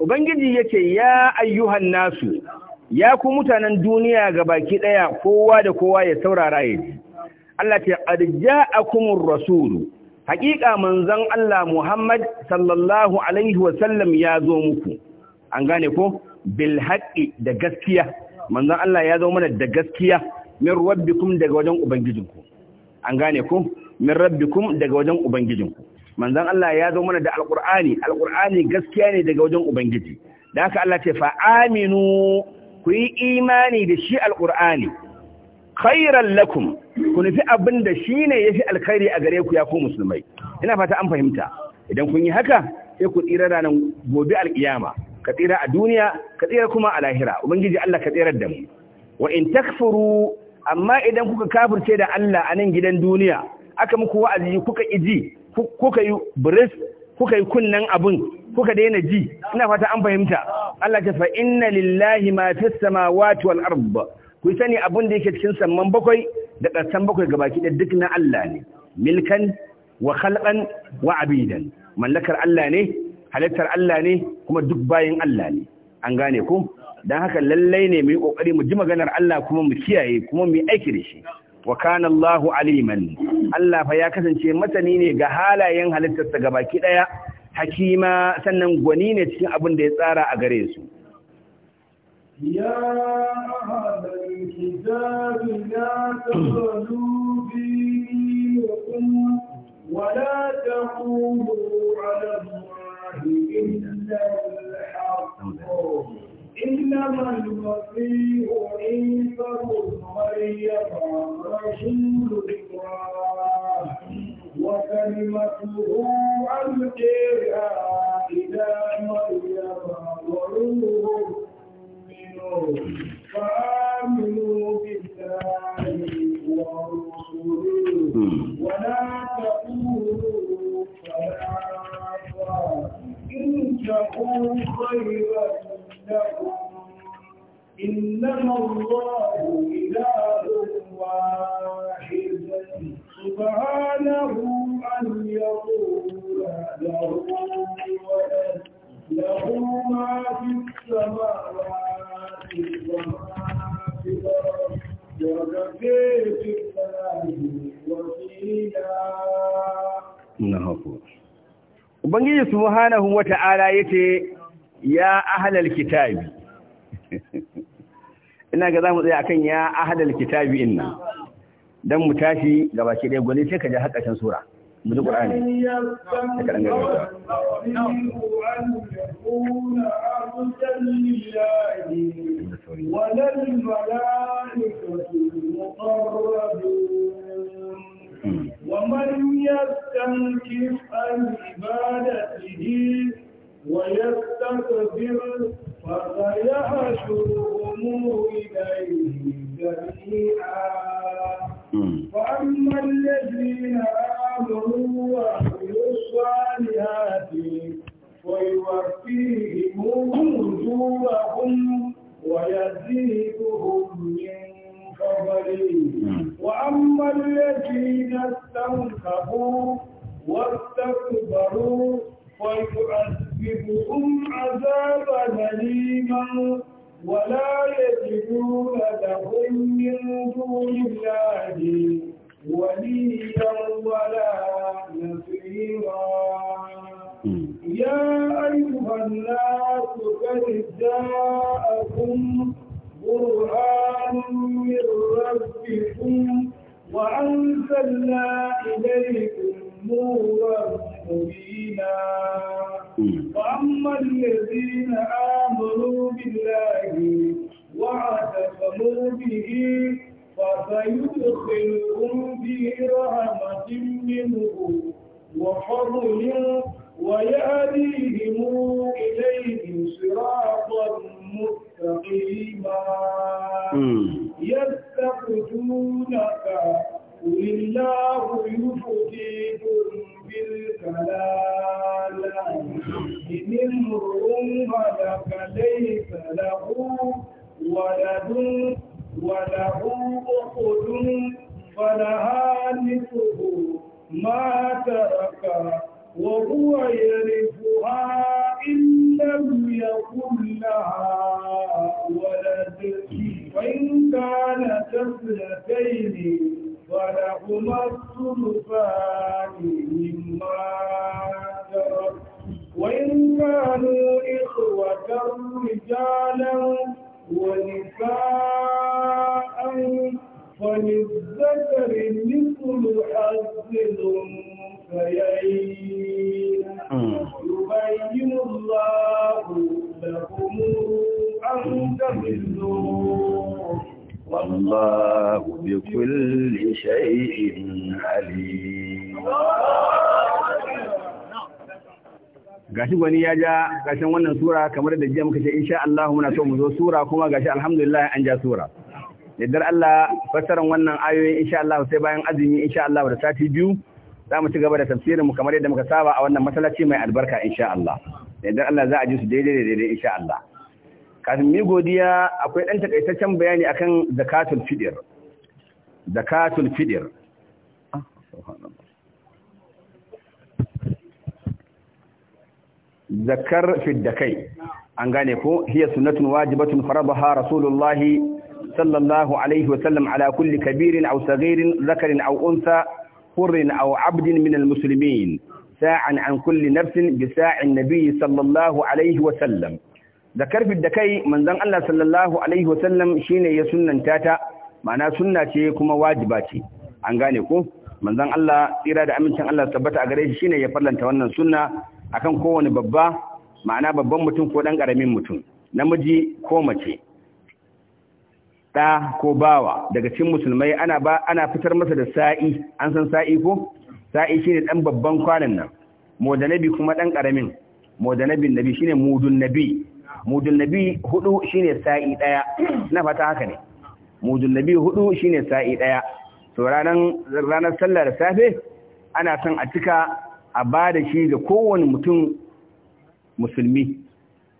Ubangiji ya ce, Ya ayyuhan nasu, ya ku mutanen duniya ga baki ɗaya kowa da kowa ya saurara ya ji. Allah ce, Arja akumun rasulu, haƙiƙa manzan Allah Muhammad sallallahu Alaihi wasallam ya zo muku, an gane ko? Bil haƙi da gaskiya, manzan Allah ya zo mana da gaskiya, min rabbikum daga wajen Ubangijinku, an gane ko? Min rabbikum daga wajen Ubangijinku. manzon Allah ya zo mana da Alƙur'ani. Alƙur'ani gaskiya ne daga wajen ubangiji da haka Allah ce fa aminu ku yi imani da shi Alƙur'ani? khairan lakum ku nufi abin da shi ne yafi alkhairi a gare ku ya ku musulmai ina fata an fahimta idan kun yi haka sai ku tsira ranar gobe alkiyama ka tsira a duniya ka tsira kuma a lahira ubangiji Allah ka tsirar da mu wa in takfuru amma idan kuka kafirce da Allah a nan gidan duniya aka muku wa'azi kuka iji kuka yi biris kuka yi kunnan abun kuka daina ji ina fata an fahimta Allah ta fa inna lillahi ma fis samawati wal ard ku sani abun da yake cikin samman bakwai da kasan bakwai gabaki da duk na Allah ne milkan wa khalqan wa abidan mallakar Allah ne halittar Allah ne kuma duk bayin Allah ne an gane ku dan haka lallai ne mu yi kokari mu ji maganar Allah kuma mu kiyaye kuma mu yi aiki da shi wa kana Allahu aliman Allah fa ya kasance masani ne ga halayen halittarsa gabaki daya hakima sannan gwani ne cikin abin da ya tsara a gare su ya ahlal kitab la إنما المسيح عيسى بن مريم رسول الله وكلمته ألقيها إلى مريم وروح منه فآمنوا بالله ورسله ولا تقولوا ثلاثة إنه خيرا إنما الله إله واحد سبحانه أن يقول له ولد له ما في السماوات وما في الأرض في Ubangiji subhanahu wata'ala yace ya ahlal kitabi <laughs> ina ga zamu tsaya akan ya ahlal kitabi inna dan mu tashi ga baki dai gole sai ka ji hakashin sura mu ji qur'ani da kadan ga gaba ومن يستنكف عن عبادته ويستكبر فسيحشرهم إليه جميعا فأما الذين آمنوا وعملوا الصالحات فيوفيهم أجورهم ويزيدهم من فضله وأما الذين استنكبوا واستكبروا ويعذبهم عذابا أليما ولا يجدون لهم من دون الله وليا ولا نصيرا يا أيها الناس قد جاءكم برهان من ربكم وأنزلنا إليكم نورا مبينا وأما الذين آمنوا بالله واعتصموا به فسيدخلهم في رحمة منه وفضل ويهديهم إليه صراطا مستقيما يستفتونك قل الله يفتيكم في الكلالة إن امرؤ هلك ليس له ولد وله أخت فلها نصف ما ترك وهو يرثها إن لم يكن لها ولد فإن كانت اثنتين ولهما الثلثان مما ترك وإن كانوا إخوة رجالا ونساء فللذكر مثل حظ الأنثيين يبين الله لكم أن تضلوا والله بكل شيء عليم gashi gwani ya ja gashin wannan sura kamar da jiya muka ce insha Allah muna so mu zo sura kuma gashi alhamdulillah an ja sura yaddar Allah fassaran wannan ayoyin insha Allah sai bayan azumi insha Allah da sati biyu za mu ci gaba da tafsirin mu kamar yadda muka saba a wannan masallaci mai albarka insha Allah yaddar Allah za a ji su daidai daidai insha Allah kafin mi godiya akwai ɗan takaitaccen bayani akan zakatul fidir zakatul fidir zakar fiddakai an gane ko hiya sunnatun wajibatun farabaha rasulullahi sallallahu alaihi wasallam ala kulli kabirin aw saghirin zakarin aw unsa hurrin aw abdin min almuslimin sa'an an kulli nafsin bi sa'in sallallahu alaihi wasallam da karfin da kai manzon Allah sallallahu alaihi wasallam shi ne ya sunanta ta ma'ana suna ce kuma wajiba ce an gane ku. manzon Allah tsira da amincin Allah tabbata a gare shi ne ya farlanta wannan sunna akan kowane babba ma'ana babban mutum ko ɗan ƙaramin mutum namiji ko mace ɗa ko bawa daga cikin musulmai ana ba ana fitar masa da sa'i an san sa'i ko sa'i shine dan babban kwanan nan modanabi kuma dan karamin modanabin nabi shine mudun nabi mudun nabi hudu shine sa'i ɗaya. <clears throat> Na fata haka ne mudun nabi hudu shine sa'i daya to ranan ranar sallar safe ana son a cika a bada shi ga kowane mutum musulmi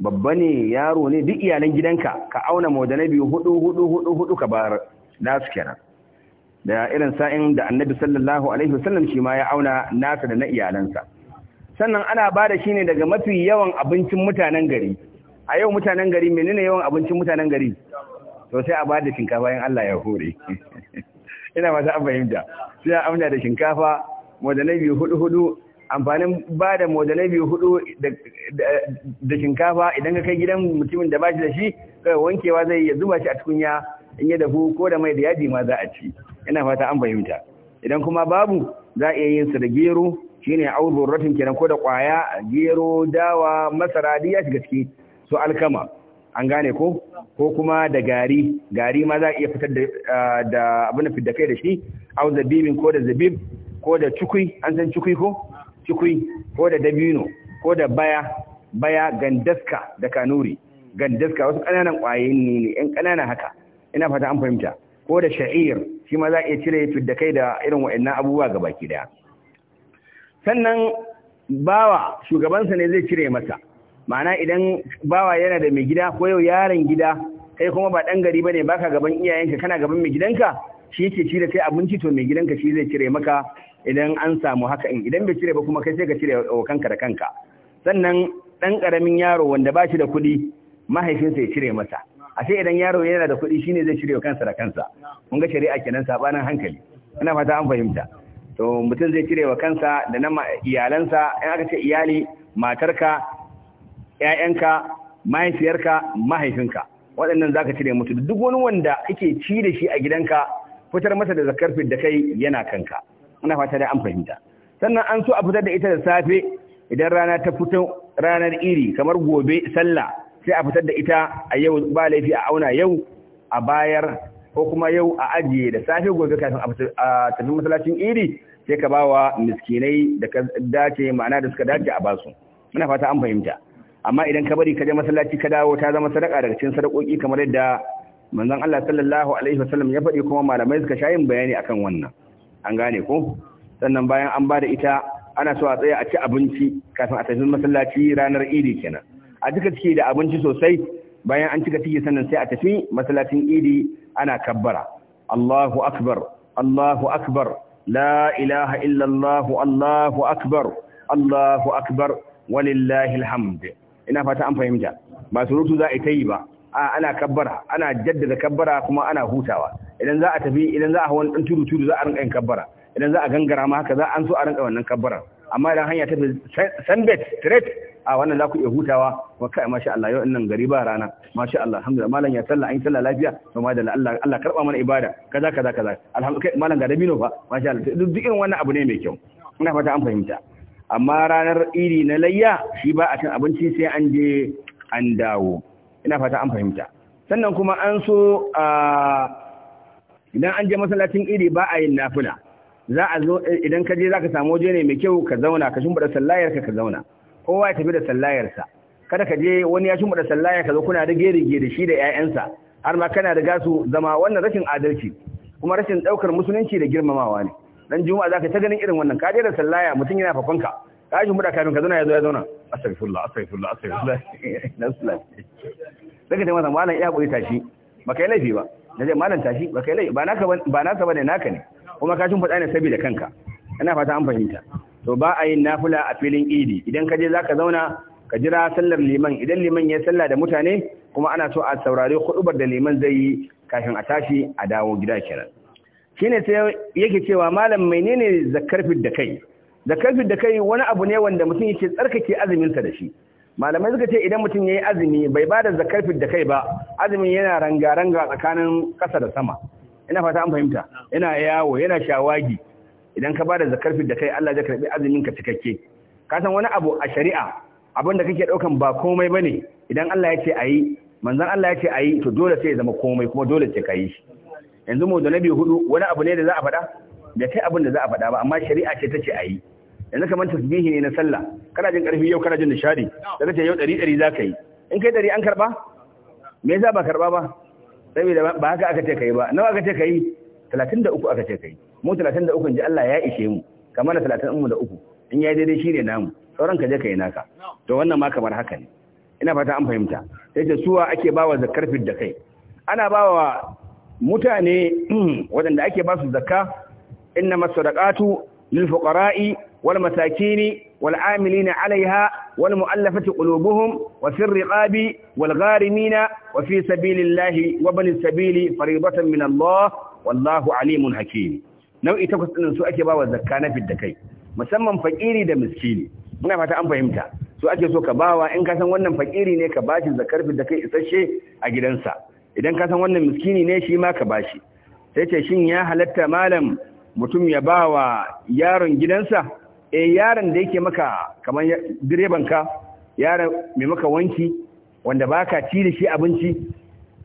babba ne yaro ne duk iyalan gidanka ka auna mudanabi hudu hudu hudu hudu ka bar nasu kenan da irin sa'in da annabi sallallahu alaihi wasallam shi ma ya auna nasa da na iyalansa sannan ana ba da shi ne daga mafi yawan abincin mutanen gari a yau mutanen gari menene yawan abincin mutanen gari to sai a bada shinkafa in Allah ya hore <laughs> ina masu an fahimta sai a amna da shinkafa modanai biyu hudu hudu amfanin ba da biyu hudu da shinkafa idan ka kai gidan mutumin da ba shi da shi kai wankewa zai ya zuba shi a tukunya in ya dafu ko da mai da yaji ma za a ci ina fata an fahimta idan kuma babu za a iya yin su da gero shine auzur ratin kenan ko da kwaya gero dawa masara duk ya shiga ciki su alkama an gane ko ko kuma da gari gari ma za a iya fitar da da abin da fidda kai da shi au zabibin ko da zabib ko da cukui an san cukui ko cukui ko da dabino ko da baya baya gandaska da kanuri gandaska wasu ƙananan ƙwayoyi ne ƴan ƙanana haka ina fata an fahimta ko da sha'ir shi ma za a iya cire fidda kai da irin waɗannan abubuwa gaba ki daya sannan bawa shugabansa ne zai cire masa ma'ana idan bawa yana da mai gida ko yau yaron gida kai kuma ba ɗan gari bane baka gaban iyayenka kana gaban mai gidanka shi yake cire kai abinci to mai gidanka shi zai cire maka idan an samu haka in idan bai cire ba kuma kai sai ka cire wa kanka da kanka sannan ɗan ƙaramin yaro wanda ba shi da kuɗi mahaifinsa ya cire masa ashe idan yaro yana da kuɗi ne zai cire wa kansa da kansa mun ga shari'a kenan sabanin hankali ina fata an fahimta to mutum zai cire wa kansa da na iyalansa in aka ce iyali matarka yayanka mahaifiyarka mahaifinka waɗannan za ka cire mutu duk wani wanda kake ci da shi a gidanka fitar masa da zakar da kai yana kanka ina fata da an fahimta sannan an so a fitar da ita da safe idan rana ta fito ranar iri kamar gobe sallah sai a fitar da ita a yau ba laifi a auna yau a bayar ko kuma yau a ajiye da safe gobe kafin a tafi masallacin iri sai ka bawa miskinai da dace ma'ana da suka dace a basu muna fata an fahimta amma idan ka bari ka je masallaci ka dawo ta zama sadaka daga cikin sadakoki kamar yadda manzon Allah sallallahu alaihi wasallam ya faɗi kuma malamai suka sha yin bayani akan wannan an gane ko sannan bayan an bada ita ana so a tsaya a ci abinci kafin a tafi masallaci ranar idi kenan a cika ciki da abinci sosai bayan an cika ciki sannan sai a tafi masallacin idi ana kabbara Allahu akbar Allahu akbar la ilaha illa Allahu akbar Allahu akbar walillahi ina fata an fahimta ba surutu za a ta yi ba a ana kabbara ana jaddada kabbara kuma ana hutawa idan za a tafi idan za a hawan dan tudu tudu za a rinka yin kabbara idan za a gangara ma haka za an so a rinka wannan kabbara amma idan hanya ta sanbet straight a wannan za ku iya hutawa wa kai masha Allah yau innan gari ba rana masha Allah alhamdulillah malam ya sallah an sallah lafiya to ma da Allah Allah karba mana ibada kaza kaza kaza alhamdulillah malam ga dabino fa masha Allah duk irin wannan abu ne mai kyau ina fata an fahimta amma ranar iri na layya shi ba a cin abinci sai an je an dawo ina fata an fahimta sannan kuma an so idan an je masallacin iri ba a yin nafila za a zo idan ka je zaka ka samu waje ne mai kyau ka zauna ka shimfiɗa sallayarka ka zauna kowa ya tafi da sallayarsa kada ka je wani ya shimfiɗa sallayar ka zo kuna da gerige da shi da 'ya'yansa har ma kana riga su zama wannan rashin adalci kuma rashin ɗaukar musulunci da girmamawa ne dan juma'a zaka ta ganin irin wannan ka je da sallaya mutum yana fafanka. ka mu da kafin ka zauna ya zo ya zauna astaghfirullah astaghfirullah astaghfirullah nasla daga da wannan malam ya hakuri tashi baka yi laifi ba je malam tashi baka yi laifi ba naka ba naka bane naka ne kuma ka shin fada ne saboda kanka ina fata an fahimta to ba a yin nafila a filin idi idan ka je zaka zauna ka jira sallar liman idan liman ya salla da mutane kuma ana so a saurari hudubar da liman zai yi kafin a tashi a dawo gida kenan ne sai yake cewa malam menene zakar da kai zakar da kai wani abu ne wanda mutum yake tsarkake azumin sa da shi malamai suka ce idan mutum ya yi azumi bai ba da zakar da kai ba azumin yana rangaranga tsakanin ƙasa da sama ina fata an fahimta yana yawo yana shawagi idan ka ba da zakar da kai Allah zai karbi azumin ka cikakke ka san wani abu a shari'a abin da kake ɗaukan ba komai ba ne, idan Allah ya ce a ayi manzon Allah ya ce a yi to dole sai ya zama komai kuma dole sai ka yi shi yanzu mu da nabi hudu wani abu ne da za a faɗa da kai abin da za a faɗa ba amma shari'a ce tace a yi yanzu kamar tasbihi ne na sallah kana jin karfi yau kana jin nishadi da kace yau ɗari ɗari za ka yi in kai ɗari an karɓa me yasa ba karɓa ba saboda ba haka aka ce kai ba nawa aka ce kai 33 aka ce kai mu 33 in ji Allah ya ishe mu kamar na 30 mu da uku in ya daidai shine namu sauran ka je kai naka to wannan ma kamar haka ne ina fata an fahimta sai ce suwa ake bawa zakarfin da kai ana bawa mutane <clears throat> waɗanda ake ba su zakka inna masadaqatu lil fuqara'i wal masakini wal amilina 'alayha wal mu'allafati qulubuhum wa fir riqabi wal gharimina wa fi sabilillahi wa banis sabili fariidatan min Allah wallahu 'alimun hakim nau'i takwas din su ake bawa zakka na fidda kai musamman faƙiri da miskini muna fata an fahimta su ake so ka bawa in ka san wannan faƙiri ne ka bashi zakkar fidda kai isasshe a gidansa idan ka san wannan miskini ne shi ma ka bashi sai ce shin ya halatta malam mutum ya ba wa yaron gidansa eh yaron da yake maka kaman direban ka yaron mai maka wanki wanda baka ci da shi abinci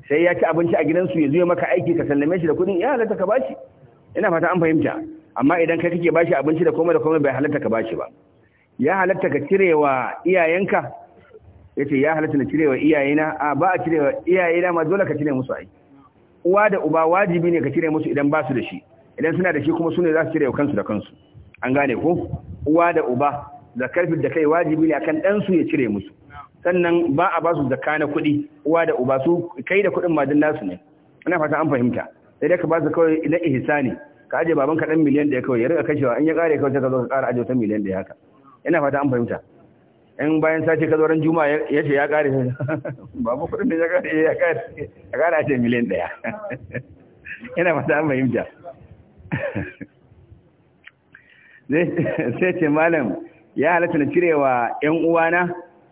sai ya ci abinci a gidansu ya zo maka aiki ka sallame shi da kudin ya halatta ka bashi ina fata an fahimta amma idan kai kake bashi abinci da komai da komai bai halatta ka bashi ba ya halatta ka wa iyayenka yace ya halatta na cirewa iyayena a ba a cirewa iyayena ma dole ka cire musu ai uwa da uba wajibi ne ka cire musu idan ba su da shi idan suna da shi kuma su ne za su cire kansu da kansu an gane ko uwa da uba zakar da kai wajibi ne akan dan su ya cire musu sannan ba a ba su zakka na kuɗi uwa da uba su kai da kuɗin madin nasu ne ina fata an fahimta sai dai ka ba su kawai na ihsani ka aje baban ka dan miliyan da ya kawai ya riga kashewa in ya kare kawai sai ka zo ka kara aje ta miliyan da ya haka ina fata an fahimta in bayan sace ka ran juma ya ce ya kare <laughs> ba mu kudin da ya kare ya kare ya kare ce miliyan daya <laughs> ina mata mai mahimta <laughs> sai ce malam ya halatta na cirewa yan uwana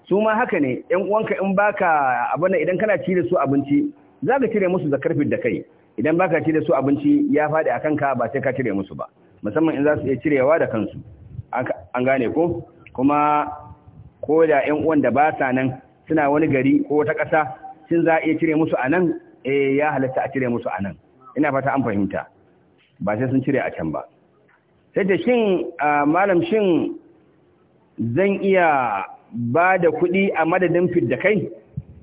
su ma haka ne yan uwanka in baka abin idan kana cire su abinci za ka cire musu zakarfi da kai idan baka cire su abinci ya faɗi a kanka ba sai ka cire musu ba musamman in za su iya cirewa da kansu an gane ko kuma ko da yan uwan da ba sa nan suna wani gari ko wata ƙasa sun za a iya cire musu a nan eh ya halatta a cire musu a nan ina fata an fahimta ba sai sun cire a can ba sai da shin malam shin zan iya ba da kuɗi a madadin fidda kai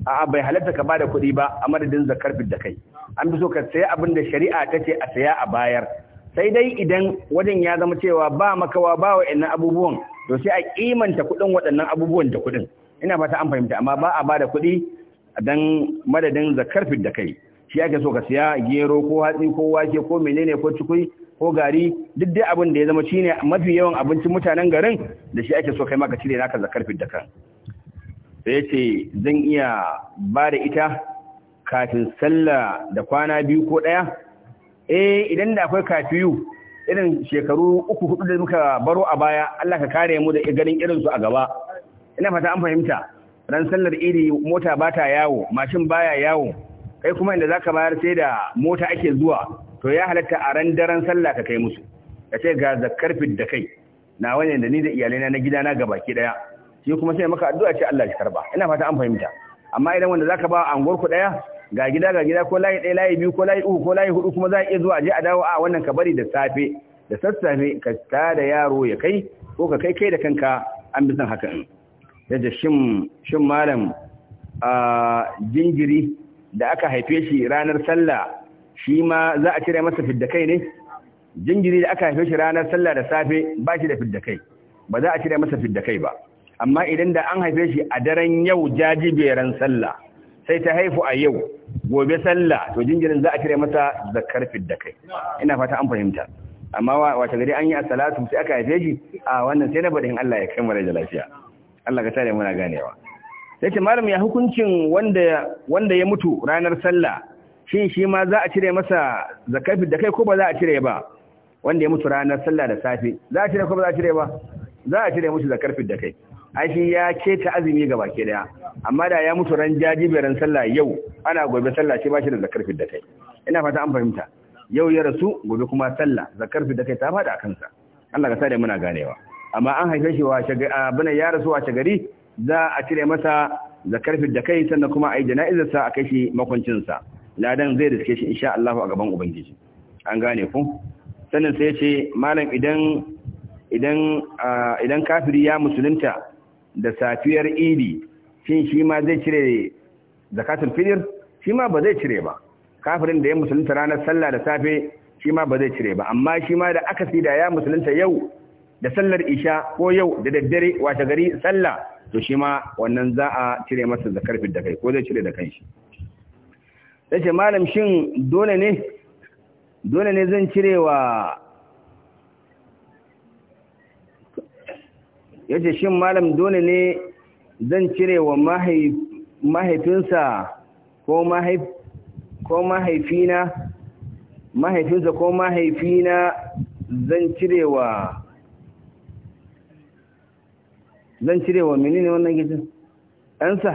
a'a bai halatta ka ba da kuɗi ba a madadin zakar fidda kai an fi so ka saya abin da shari'a ta ce a saya a bayar sai dai idan wajen ya zama cewa ba makawa ba wa abubuwan to sai a kimanta kuɗin waɗannan abubuwan da kuɗin ina fata an fahimta amma ba a bada kuɗi dan madadin zakarfin da kai shi ake so ka siya gero ko hatsi ko wake ko menene ko cikui ko gari duk dai abin da ya zama shine mafi yawan abincin mutanen garin da shi ake so kai ma ka cire naka zakarfin da kan sai yace zan iya ba da ita kafin sallah da kwana biyu ko ɗaya eh idan da akwai kafiyu irin shekaru uku hudu da muka baro a baya Allah ka kare mu da ganin irin su a gaba ina fata an fahimta ran sallar iri mota bata yawo mashin baya yawo kai kuma inda zaka bayar sai da mota ake zuwa to ya halatta a ran daren sallah ka kai musu ka ce ga zakkar da kai na wani da ni da iyalaina na gidana gaba ke daya shi kuma sai maka addu'a ce Allah ya karba ina fata an fahimta amma idan wanda zaka ba a anguwar ku daya ga gida ga gida ko layi ɗaya layi biyu ko layi uku ko layi hudu kuma za a iya zuwa je a dawo a wannan ka bari da safe da sassafe ka tada yaro ya kai ko ka kai kai da kanka an bi san haka in yadda shin malam a jingiri da aka haife shi ranar sallah shi ma za a cire masa fidda kai ne jingiri da aka haife shi ranar sallah da safe ba shi da fidda kai ba za a cire masa fidda kai ba amma idan da an haife shi a daren yau jajiberen sallah sai ta haifu a yau gobe sallah to jinjirin za a cire masa zakar fidda kai ina fata an fahimta amma wace gari an yi a salatu sai aka haife shi a wannan sai na baɗin Allah ya kai mara da lafiya Allah ka tare muna ganewa sai ce malam ya hukuncin wanda wanda ya mutu ranar sallah shin shi ma za a cire masa zakar da kai ko ba za a cire ba wanda ya mutu ranar sallah da safe za a cire ko ba za a cire ba za a cire mushi zakar da kai ai ya ya ta azumi ga baki daya amma da ya mutu ran jajiberan sallah yau ana gobe sallah shi ba shi da zakar fidda kai ina fata an fahimta yau ya rasu gobe kuma sallah zakar fidda kai ta fada kansa Allah ka sa da muna ganewa amma an haife shi wa abuna ya rasu wa shagari za a cire masa zakar fidda kai sannan kuma ai jana'izar sa a kashi shi makwancin sa ladan zai riske shi insha Allah a gaban ubangiji an gane ku sannan sai ya ce malam idan idan ah, idan kafiri ya musulunta da safiyar idi shin shi ma zai cire zakatul fitr shi ma ba zai cire ba kafirin da ya musulunta ranar sallah da safe shi ma ba zai cire ba amma shi ma da aka da ya musulunta yau da sallar isha ko yau da daddare wata gari sallah to shi ma wannan za a cire masa zakar fitr da kai ko zai cire da kanshi sai malam shin dole ne dole ne zan cirewa. yace shin malam dole ne zan cire wa mahaifinsa ko mahaifina mahaifinsa ko mahaifina zan cire wa zan cire wa menene wannan gidan ɗansa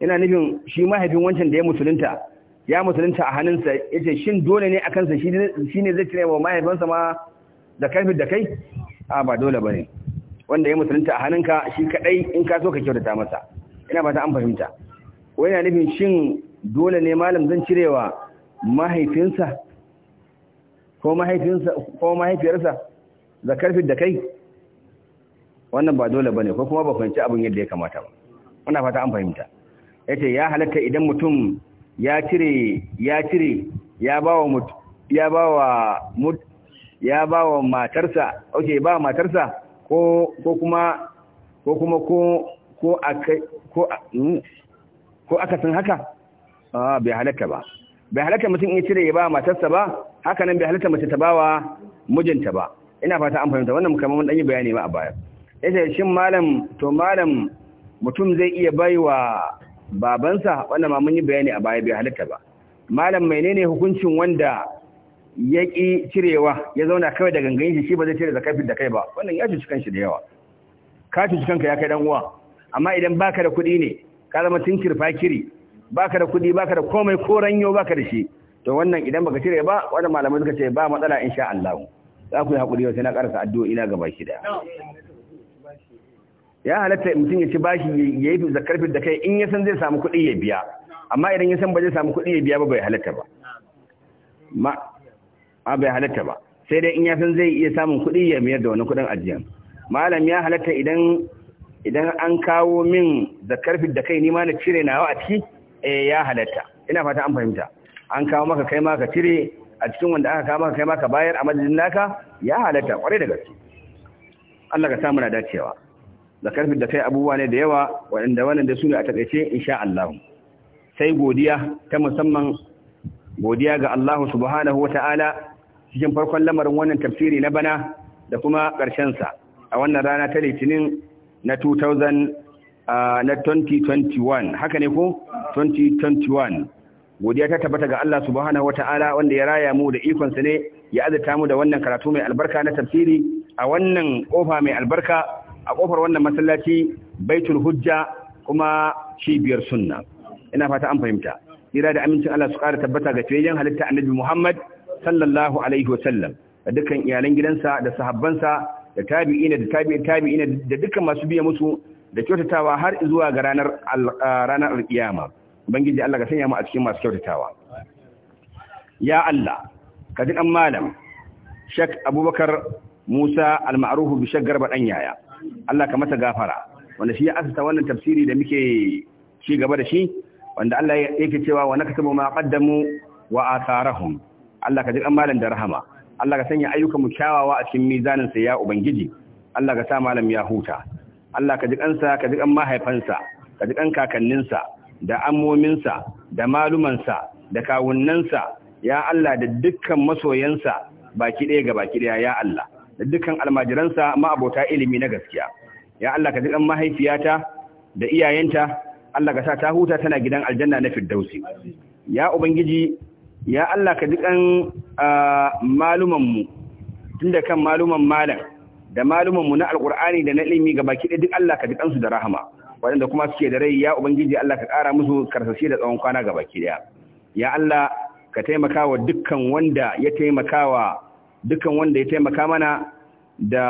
ina nufin shi mahaifin wancan da ya musulunta ya musulunta a hannunsa ya ce shin dole ne a kansa shi ne zai cire wa mahaifinsa ma da karfi da kai a ba dole bane wanda ya musulunta a hannunka shi kadai in ka so ka kyautata masa ina ba ta an fahimta wani nufin shin dole ne malam zan cirewa mahaifinsa ko mahaifinsa ko mahaifiyarsa karfi da kai wannan ba dole bane ko kuma ba fahimci abin yadda ya kamata ba ina fata an fahimta Ya ce ya halatta idan mutum ya cire ya cire ya bawa wa ya ba wa matarsa ok ba matarsa ko kuma ko kuma ko ko hmm, ko akasin haka bai halatta ba bai halatta mutum in cire ya ba matarsa ba haka nan bai halatta mace ta ba wa mijinta ba ina fata an fahimta wannan kamar mun danyi yi bayani ma a baya yace shin malam to malam mutum zai iya baiwa babansa wannan ma mun yi bayani a baya bai halatta ba malam menene hukuncin wanda ya ƙi cirewa ya zauna kawai da gangan shi shi ba zai cire da kafin da kai ba wannan ya cuci kanshi da yawa ka cuci kanka ya kai dan uwa amma idan baka da kuɗi ne ka zama kirfa kiri, baka da kuɗi baka da komai ko ranyo baka da shi to wannan idan baka cire ba wannan malamai suka ce ba matsala insha Allah za ku yi hakuri yau sai na karasa addu'o'i na gaba ki da ya halatta mutum ya ci bashi ya yi karfin da kai in ya san zai samu kuɗi ya biya amma idan ya san ba zai samu kuɗi ya biya ba bai halatta ba a bai halatta ba sai dai in ya san zai iya samun kuɗi ya mayar da wani kuɗin ajiyan malam ya halatta idan idan an kawo min da karfi da kai nima na cire nawa a ciki eh ya halatta ina fata an fahimta an kawo maka kai ma cire a cikin wanda aka kawo maka kai ma ka bayar a madadin naka ya halatta kwarai da gaske Allah ka samu na dacewa da karfi da kai abubuwa ne da yawa waɗanda wannan da su ne a takaice insha Allah sai godiya ta musamman godiya ga Allah subhanahu wa ta'ala. cikin farkon lamarin wannan tafsiri na bana da kuma sa a wannan rana ta litinin na 2000 ah, na 2021 haka ne ko 2021 godiya ta tabbata ga Allah subhanahu wataala wanda ya raya mu da ikonsa ne ya azurta mu da wannan karatu mai albarka na tafsiri a wannan kofa mai albarka a kofar wannan masallaci baitul hujja kuma cibiyar sunna ina fata an fahimta ira da amincin Allah su ƙara tabbata ga fiyayyen halitta annabi Muhammad sallallahu alaihi wasallam da dukkan iyalan gidansa da sahabbansa da tabi'ina da tabi'in da dukkan masu biya musu da kyautatawa har zuwa ga ranar ranar alkiyama ubangiji Allah ka sanya mu a cikin masu kyautatawa ya Allah ka ji dan malam shak Abubakar Musa al-Ma'ruf bi shak Garba dan yaya Allah ka masa gafara wanda shi ya asasa wannan tafsiri da muke ci gaba da shi wanda Allah ya yake cewa wa nakatabu ma qaddamu wa atharahum Allah ka ji malam da rahama Allah ka sanya ayyukan mu kyawawa a cikin mizanin sa ya ubangiji Allah ka sa malam ya huta Allah ka ji ka ji mahaifansa ka ji kakanninsa da ammominsa da malumansa da kawunnansa ya Allah da dukkan masoyansa baki ɗaya ga baki ɗaya ya Allah da dukkan almajiransa ma'abota ilimi na gaskiya ya Allah ka ji mahaifiyata da iyayenta Allah ka sa ta huta tana gidan aljanna na firdausi ya ubangiji ya Allah ka dukan malumanmu tun da kan maluman malam da malumanmu na alkur'ani da na ilimi ga baki ɗaya duk Allah ka dukansu da rahama waɗanda kuma suke da rai ya ubangiji Allah ka ƙara musu karsashi da tsawon kwana ga baki ɗaya ya Allah ka taimaka wa dukkan wanda ya taimaka wa dukkan wanda ya taimaka mana da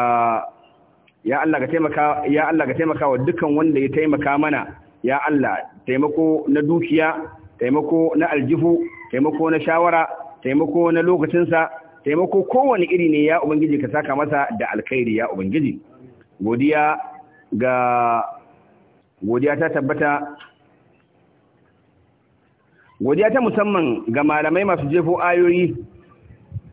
ya Allah ka taimaka ya Allah ka taimaka wa dukkan wanda ya taimaka mana ya Allah taimako na dukiya taimako na aljihu taimako na shawara taimako na lokacinsa taimako kowane iri ne ya ubangiji ka saka masa da alkhairi ya ubangiji godiya ga godiya ta tabbata godiya ta musamman ga malamai masu jefo ayoyi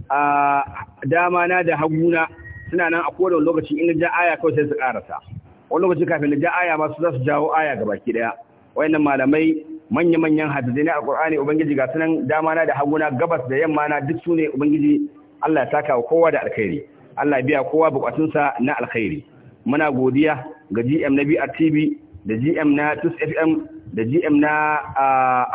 a damana da haguna suna nan a kowane lokaci ina ja aya kawai sai su karasa wani lokaci kafin da ja aya masu za su jawo aya ga baki daya wayannan malamai manya-manyan hadisai na alkur'ani ubangiji ga sunan dama na da haguna gabas da yamma na duk sune ubangiji Allah ya taka wa kowa da alkhairi Allah ya biya kowa bukatunsa na alkhairi muna godiya ga GM na BR TV da GM na TUS FM da GM na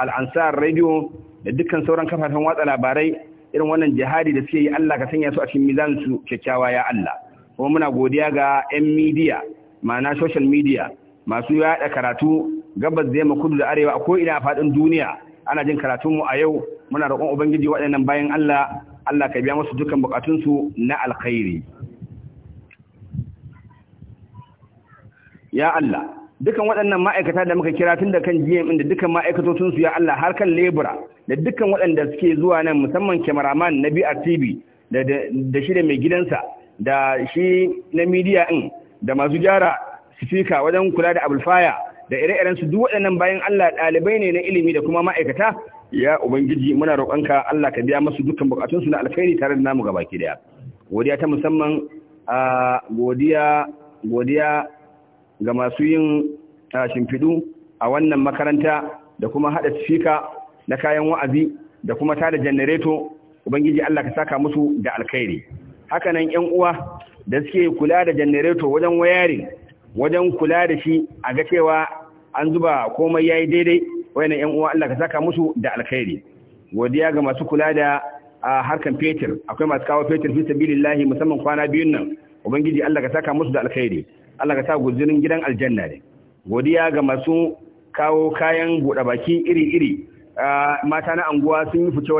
Al-Ansar Radio da dukkan sauran kafafen watsa labarai irin wannan jihadi da suke yi Allah ka sanya su a cikin mizan su kyakkyawa ya Allah kuma muna godiya ga 'yan media ma'ana social media masu yaɗa karatu gabas da yamma kudu da arewa a ina a faɗin duniya ana jin karatunmu a yau muna roƙon ubangiji waɗannan bayan Allah Allah ka biya musu dukkan bukatunsu na alkhairi ya Allah dukan waɗannan ma'aikata da muka kira tun da kan GM da dukan su ya Allah har kan lebura da dukan waɗanda suke zuwa nan musamman cameraman na a da da shi da mai gidansa da shi na media in da masu gyara sifika wajen kula da abulfaya da ire-iren su duk waɗannan bayan Allah ɗalibai ne na ilimi da kuma ma'aikata ya ubangiji muna roƙonka Allah ka biya masu dukkan bukatun su na alkhairi tare da namu gabaki daya godiya ta musamman a godiya godiya ga masu yin shimfidu a wannan makaranta da kuma haɗa fika na kayan wa'azi da kuma tada janareto ubangiji Allah ka saka musu da alkhairi hakanan yan uwa da suke kula da janareto wajen wayarin wajen kula da shi a ga cewa an zuba komai ya yi daidai wayannan yan uwa Allah ka saka musu da alkhairi godiya ga masu kula da harkan fetur akwai masu kawo fetur fi sabilillahi musamman kwana biyun nan ubangiji Allah ka saka musu da alkhairi Allah ka sa guzurin gidan aljanna ne godiya ga masu kawo kayan buɗe baki iri-iri mata na anguwa sun yi fice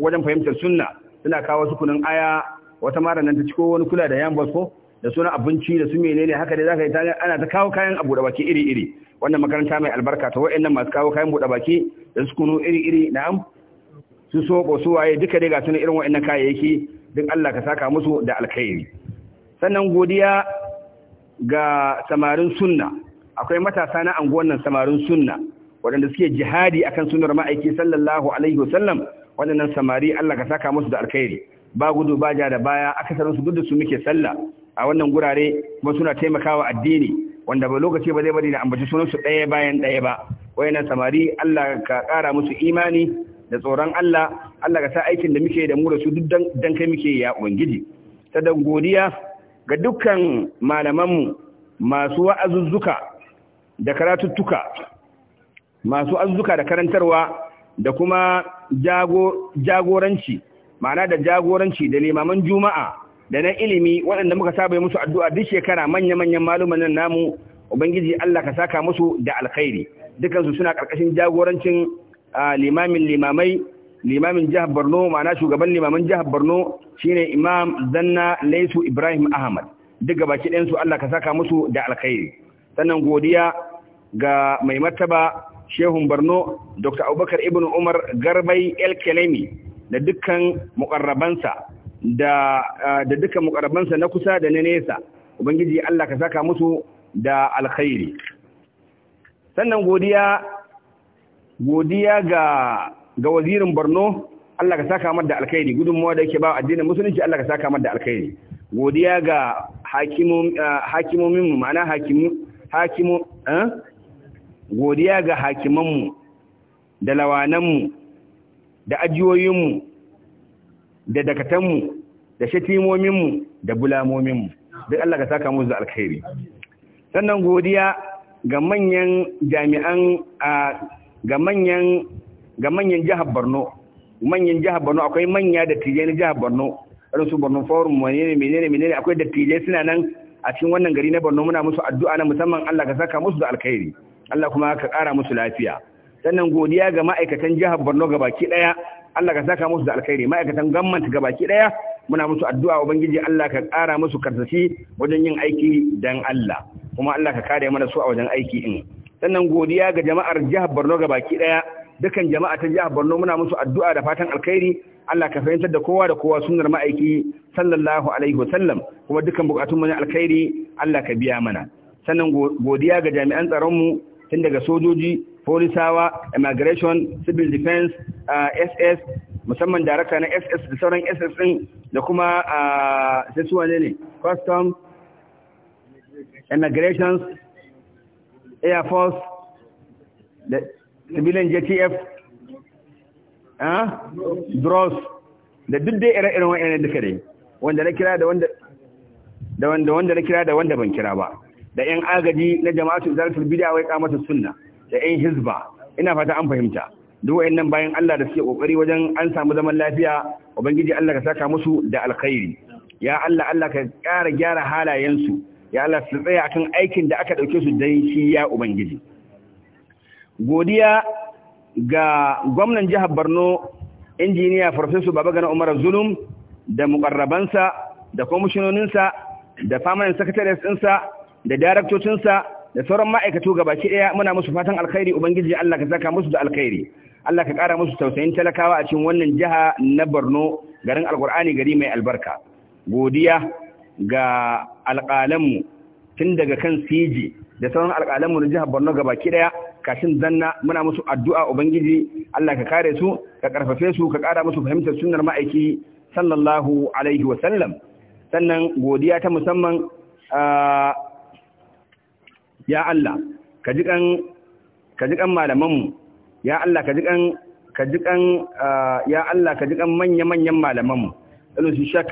wajen fahimtar sunna suna kawo su kunun aya wata mara nan ta ciko wani kula da yan basko da suna abinci da su menene haka dai zaka yi ta ana ta kawo kayan abu da baki iri iri wannan makaranta mai albarka ta nan masu kawo kayan da baki da su kunu iri iri na'am su ko su waye duka dai ga suna irin wayannan kayayyaki duk Allah ka saka musu da alkhairi sannan godiya ga samarin sunna akwai matasa na anguwan nan samarin sunna waɗanda suke jihadi akan sunnar ma'aiki sallallahu alaihi wasallam waɗannan samari Allah ka saka musu da alkhairi ba gudu ba ja da baya akasarin su duk da su muke sallah a wannan gurare kuma suna taimakawa addini wanda ba lokaci ba zai bari da ambaci sunansu ɗaya bayan ɗaya ba wayannan samari Allah ka ƙara musu imani da tsoron Allah Allah ka sa aikin da muke da mu da su duk dan kai muke ya ubangiji ta dan godiya ga dukkan malamanmu masu wa'azuzzuka da karatuttuka masu azuzzuka da karantarwa da kuma jagoranci ma'ana da jagoranci da limaman juma'a da na ilimi waɗanda muka saba musu addu'a duk shekara manya-manyan maluman nan namu ubangiji Allah ka saka musu da alkhairi dukansu suna ƙarƙashin jagorancin limamin limamai limamin jihar Borno ma'ana shugaban limamin jihar Borno shine Imam Zanna Laisu Ibrahim Ahmad duka baki ɗayan su Allah ka saka musu da alkhairi sannan godiya ga mai martaba Shehun Borno Dr. Abubakar Ibn Umar Garbai El Kelemi da dukkan muƙarrabansa da da dukkan mukarabansa na kusa da na nesa ubangiji Allah ka saka musu da alkhairi sannan godiya godiya ga ga wazirin Borno Allah ka saka mar da alkhairi gudunmuwa da yake ba addinin musulunci Allah ka saka mar da alkhairi godiya ga hakimomin mu ma'ana hakimu hakimu godiya ga hakimanmu da lawananmu da ajiyoyinmu da dakatanmu da shatimominmu da bulamominmu duk Allah ka saka musu da alkhairi sannan godiya ga manyan jami'an ga manyan ga manyan jihar Borno manyan jihar Borno akwai manya da na jihar Borno irin su Borno Forum menene menene menene akwai da tije suna nan a cikin wannan gari na Borno muna musu addu'a na musamman Allah ka saka musu da alkhairi Allah kuma ka ƙara musu lafiya sannan godiya ga ma'aikatan jihar Borno gabaki daya Allah ka saka musu da alkhairi ma'aikatan gwamnati gabaki daya muna musu addu'a ubangiji Allah ka kara musu karsashi wajen yin aiki dan Allah kuma Allah ka kare mana su a wajen aiki in sannan godiya ga jama'ar jihar Borno gabaki daya dukan jama'a ta jihar Borno muna musu addu'a da fatan alkhairi Allah ka fahimtar da kowa da kowa sunnar ma'aiki sallallahu alaihi wasallam kuma dukan bukatun mu na alkhairi Allah ka biya mana sannan godiya ga jami'an tsaron mu tun daga sojoji polisawa immigration civil defense ss uh, musamman darakta na ss da sauran ss din da kuma uh, sai su wane ne custom Immigration, air force da civilian jtf dross da duk dai ire-iren wa'yan duka kare, wanda na kira da wanda da wanda wanda na kira da wanda ban kira ba da yan agaji na jama'atu zalatul bid'a wai kamata sunna da yan hizba ina fata an fahimta duk nan bayan Allah da suke ƙoƙari wajen an samu zaman lafiya ubangiji Allah ka saka musu da alkhairi ya Allah Allah ka ƙara gyara halayensu ya Allah su tsaya akan aikin da aka ɗauke su dan shi ya ubangiji godiya ga gwamnan jihar Borno injiniya farfesu Babagana Umar Zulum da mukarrabansa da kwamishinoninsa da permanent secretaries ɗinsa da daraktocinsa da sauran ma'aikatu gabaki ɗaya, muna musu fatan alkhairi ubangiji Allah ka saka musu da alkhairi Allah ka kara musu tausayin talakawa a cikin wannan jiha na Borno garin alqur'ani gari mai albarka godiya ga alƙalanmu tun daga kan Siji da sauran alƙalanmu na jihar Borno gabaki daya kashin zanna muna musu addu'a ubangiji Allah ka kare su ka karfafe su ka kara musu fahimtar sunnar ma'aiki sallallahu alaihi wa sallam sannan godiya ta musamman ah, ya Allah ka ji kan malamanmu ya Allah ka ji kan ah, ya Allah ka ji kan manya-manyan malamanmu irin su shak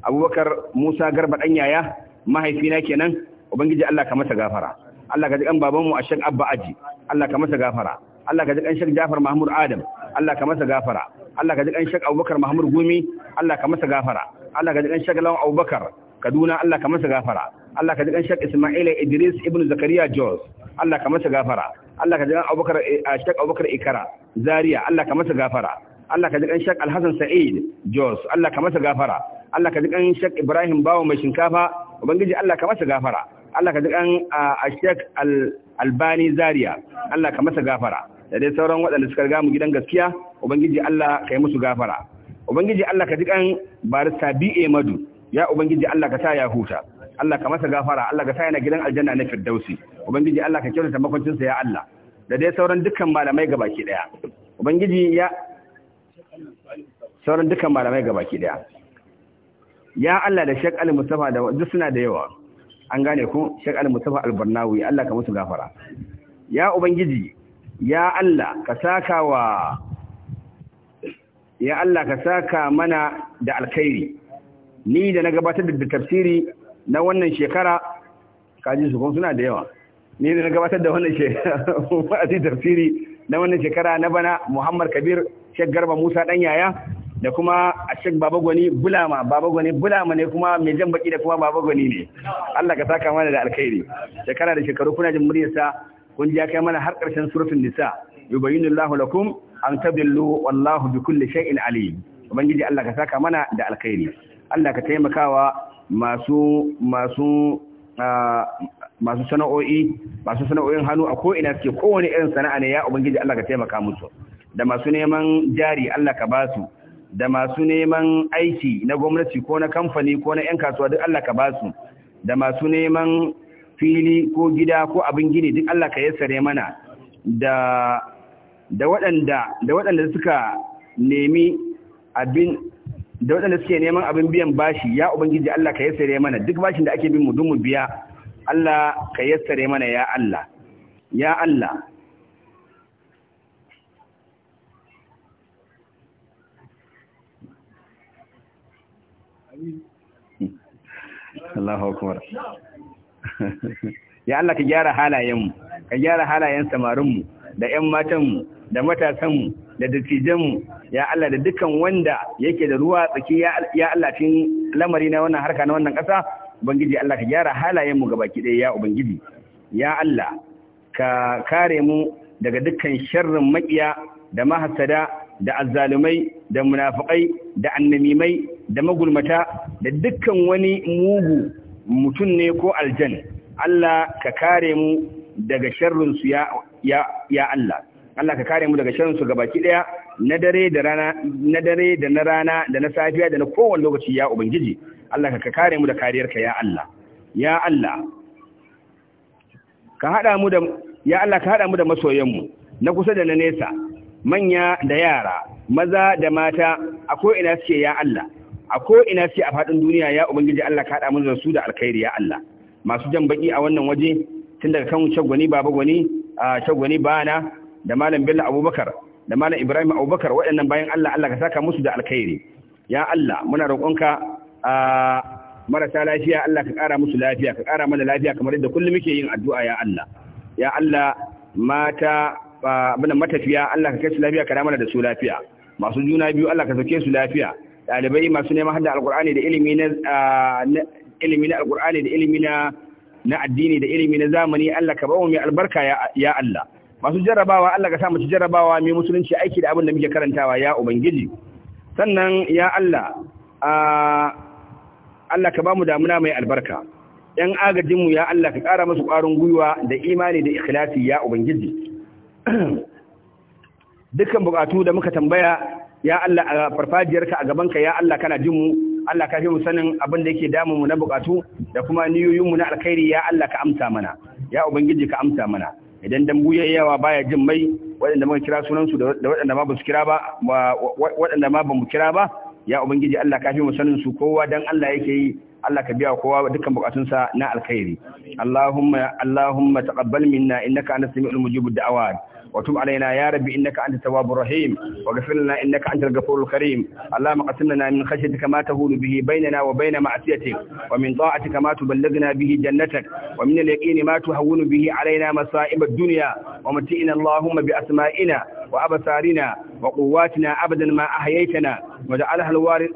abubakar musa garba ɗan yaya mahaifina kenan ubangiji Allah ka masa gafara Allah ka ji kan babanmu a shak abba aji Allah ka masa gafara Allah ka ji kan shak jafar mahmud adam Allah ka masa gafara Allah ka ji kan shak abubakar mahmud gumi Allah ka masa gafara Allah ka ji kan shak lawan abubakar kaduna Allah ka masa gafara Allah ka ji kan Sheikh Isma'ila Idris ibn Zakariya Jos Allah ka masa gafara Allah ka ji kan Abubakar Sheikh Abubakar Ikara Zaria Allah ka masa gafara Allah ka ji kan Sheikh Alhassan Sa'id Jos Allah ka masa gafara Allah ka ji kan Sheikh Ibrahim Bawo mai shinkafa Ubangiji Allah ka masa gafara Allah ka ji kan Sheikh Albani Zaria Allah ka masa gafara da dai sauran waɗanda suka riga mu gidan gaskiya Ubangiji Allah ka yi musu gafara Ubangiji Allah ka ji Barista BA Madu ya Ubangiji Allah ka sa ya huta Allah ka masa gafara Allah ka sa yana gidan aljanna na firdausi ubangiji Allah ka kyautata makwancin sa ya Allah da dai sauran dukkan malamai gabaki daya ubangiji ya sauran dukkan malamai gabaki daya ya Allah da Sheikh Ali Mustafa da duk suna da yawa an gane ku Sheikh Ali Mustafa Al-Barnawi Allah ka musu gafara ya ubangiji ya Allah ka saka wa ya Allah ka saka mana da alkhairi ni da na gabatar da tafsiri na wannan shekara kaji su suna da yawa ne da na gabatar da wannan shekara <laughs> tafsiri na wannan shekara na bana Muhammad Kabir Sheikh Garba Musa dan yaya da kuma a Sheikh Baba Gwani Bulama Baba Gwani Bulama ne kuma mai jan baki da kuma Baba Gwani ne Allah ka saka mana da alkhairi shekara da shekaru kuna jin muryarsa kun ji kai mana har karshen suratul nisa yubayyinu lakum an tadillu wallahu bikulli shay'in alim ubangiji Allah ka saka mana da alkhairi Allah ka taimakawa masu masu masu sana'o'i masu sana'o'in hannu a ko ina suke kowane irin sana'a ne ya ubangiji Allah ka taimaka musu da masu neman jari Allah ka ba su da masu neman aiki na gwamnati ko na kamfani ko na 'yan kasuwa duk Allah ka ba su da masu neman fili ko gida ko abin gini duk Allah ka yassare mana da da waɗanda da waɗanda suka nemi abin da waɗanda suke neman abin biyan bashi ya ubangiji Allah ka yassare mana duk bashin da ake bin mu mu biya Allah ka yassare mana ya Allah ya Allah Allahu akbar <laughs> ya Allah ka gyara halayen mu ka gyara halayen samarin mu da ƴan matan mu da matasanmu da dattijanmu ya Allah da dukan wanda yake da ruwa tsaki ya Allah cikin lamari na wannan harka na wannan ƙasa ubangiji Allah ka gyara halayenmu ga baki ɗaya ya ubangiji ya Allah ka kare mu daga dukkan sharrin maƙiya da mahasada da azzalumai da munafiƙai da annamimai da magulmata da dukkan wani mugu mutum ne ko aljan Allah ka kare mu daga sharrinsu ya Allah Allah ka kare mu daga shan su gabaki daya na dare da rana na dare da na rana da na safiya da na kowane lokaci ya ubangiji Allah ka kare mu da kariyarka ya Allah ya Allah ka hada mu da ya Allah ka hada mu da masoyan mu na kusa da na nesa manya da yara maza da mata a ko ina suke ya Allah a ko ina suke a fadin duniya ya ubangiji Allah ka hada mu da su da alkhairi ya Allah masu jan baki a wannan waje tun daga kan shagwani baba gwani a shagwani bana da malam bello abubakar da malam ibrahim abubakar waɗannan bayan allah allah ka saka musu da alkhairi ya allah muna roƙonka a marasa lafiya allah ka ƙara musu lafiya ka ƙara mana lafiya kamar yadda kullum muke yin addu'a ya allah ya allah mata abin matafiya allah ka kai su lafiya ka mana da su lafiya masu juna biyu allah ka sauke su lafiya ɗalibai masu neman hada alƙur'ani da ilimi na ilimi na alƙur'ani da ilimi na addini da ilimi na zamani Allah ka bawo mai albarka ya Allah masu jarrabawa Allah ka sa mu ci jarrabawa mai musulunci aiki da abin da muke karantawa ya ubangiji sannan ya Allah Allah ka ba mu damuna mai albarka ‘yan agajinmu ya Allah ka ƙara masu ƙwarin gwiwa da imani da ikhlasi ya Ubangiji. <clears throat> Dukkan buƙatu da muka tambaya ya Allah a farfajiyarka a gabanka ya Allah kana jinmu, Allah ka fi mu sanin abin da yake damunmu na buƙatu da kuma niyoyinmu na alkhairi ya Allah ka amsa mana, ya Ubangiji ka amsa mana. idan dambu ya yawa baya jin mai waɗanda muka kira sunansu da waɗanda ma ba su kira ba waɗanda ma ba mu kira ba ya ubangiji Allah kafi mu sanin su kowa dan Allah yake yi Allah ka biya kowa dukkan bukatunsa na alkhairi Allahumma Allahumma taqabbal minna innaka antas samiul mujibud da'awat وتب علينا يا رب إنك أنت التواب الرحيم واغفر لنا إنك أنت الغفور الكريم اللهم قسم لنا من خشيتك ما تهون به بيننا وبين معصيتك ومن طاعتك ما تبلغنا به جنتك ومن اليقين ما تهون به علينا مصائب الدنيا ومتئنا اللهم بأسمائنا وأبصارنا وقواتنا أبدا ما أحييتنا واجعله الوارث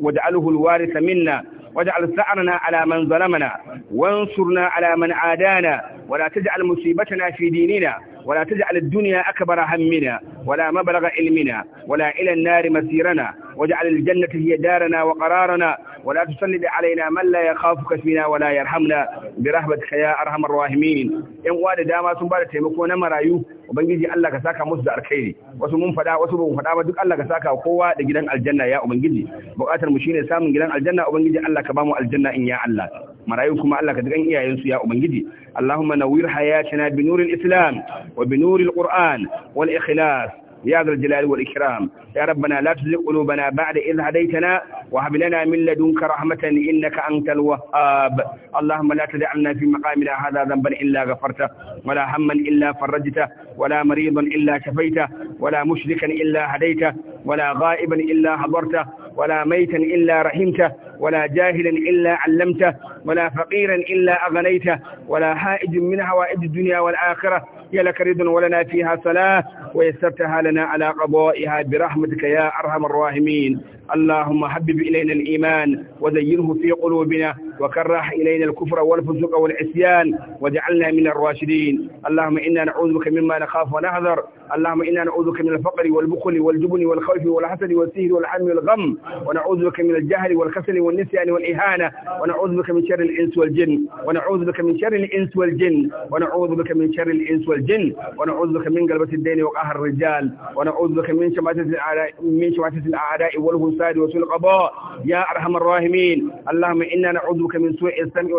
واجعله الوارث منا واجعل ثأرنا على من ظلمنا وانصرنا على من عادانا ولا تجعل مصيبتنا في ديننا ولا تجعل الدنيا أكبر همنا ولا مبلغ علمنا ولا إلى النار مسيرنا واجعل الجنة هي دارنا وقرارنا ولا تسلد علينا من لا يخافك فينا ولا يرحمنا برحمتك يا أرحم الراحمين إن واد داما سنبالة تيمكونا مرايو ubangiji Allah ka saka musu da alkhairi wasu mun fada wasu ba mu fada ba duk Allah ka saka kowa da gidan aljanna ya ubangiji bukatar mu shine samun gidan aljanna ubangiji Allah ka bamu aljanna in ya Allah marayu kuma Allah ka dukan iyayensu ya ubangiji Allahumma اللهم hayatina حياتنا بنور الاسلام وبنور القران والاخلاص يا ذا الجلال والإكرام يا ربنا لا تزغ قلوبنا بعد إذ هديتنا وهب لنا من لدنك رحمة إنك أنت الوهاب اللهم لا تدعنا في مقامنا هذا ذنبا إلا غفرته ولا هما إلا فرجته ولا مريضا إلا شفيته ولا مشركا إلا هديته ولا غائبا إلا حضرته ولا ميتا إلا رحمته ولا جاهلا إلا علمته ولا فقيرا إلا أغنيته ولا حائج من حوائج الدنيا والآخرة يا لك رضا ولنا فيها صلاة ويسرتها لنا على قضائها برحمتك يا أرحم الراحمين اللهم حبب إلينا الإيمان وزينه في قلوبنا وكره إلينا الكفر والفسوق والعصيان واجعلنا من الراشدين اللهم إنا نعوذ بك مما نخاف ونحذر اللهم إنا نعوذ بك من الفقر والبخل والجبن والخوف والحسد والسهر والحم والغم ونعوذ بك من الجهل والكسل والنسيان والإهانة ونعوذ بك من شر الإنس والجن ونعوذ بك من شر الإنس والجن ونعوذ بك من شر الإنس والجن ونعوذ بك من قلبة الدين وقهر الرجال ونعوذ بك من شماتة الأعداء من شماتة الأعداء والهوس الفساد وسوء القضاء يا أرحم الراحمين اللهم إنا نعوذ بك من سوء السمع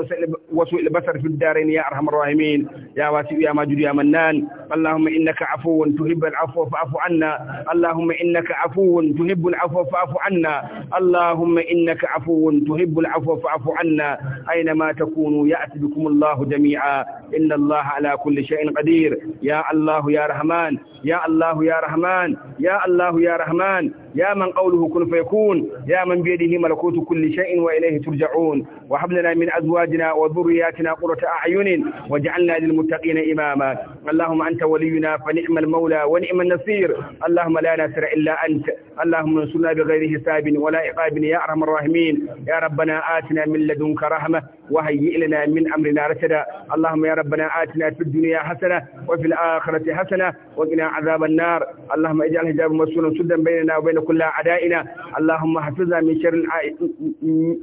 وسوء البصر في الدارين يا أرحم الراحمين يا واسع يا ماجد يا منان اللهم إنك عفو تحب العفو فاعف عنا اللهم إنك عفو تحب العفو فاعف عنا اللهم إنك عفو تحب العفو فاعف عنا أينما تكونوا يأتي بكم الله جميعا إن الله على كل شيء قدير يا الله يا رحمن يا الله يا رحمن يا الله يا رحمن يا من قوله كن فيكون يا من بيده ملكوت كل شيء وإليه ترجعون وهب لنا من أزواجنا وذرياتنا قرة أعين واجعلنا للمتقين إماما اللهم أنت ولينا فنعم المولى ونعم النصير اللهم لا ناصر إلا أنت اللهم انصرنا بغير حساب ولا عقاب يا أرحم الراحمين يا ربنا آتنا من لدنك رحمة وهيئ لنا من أمرنا رشدا اللهم يا رب ربنا آتنا في الدنيا حسنة وفي الآخرة حسنة وقنا عذاب النار اللهم اجعل حجاب مسؤولا سدا بيننا وبين كل أعدائنا اللهم حفظنا من شر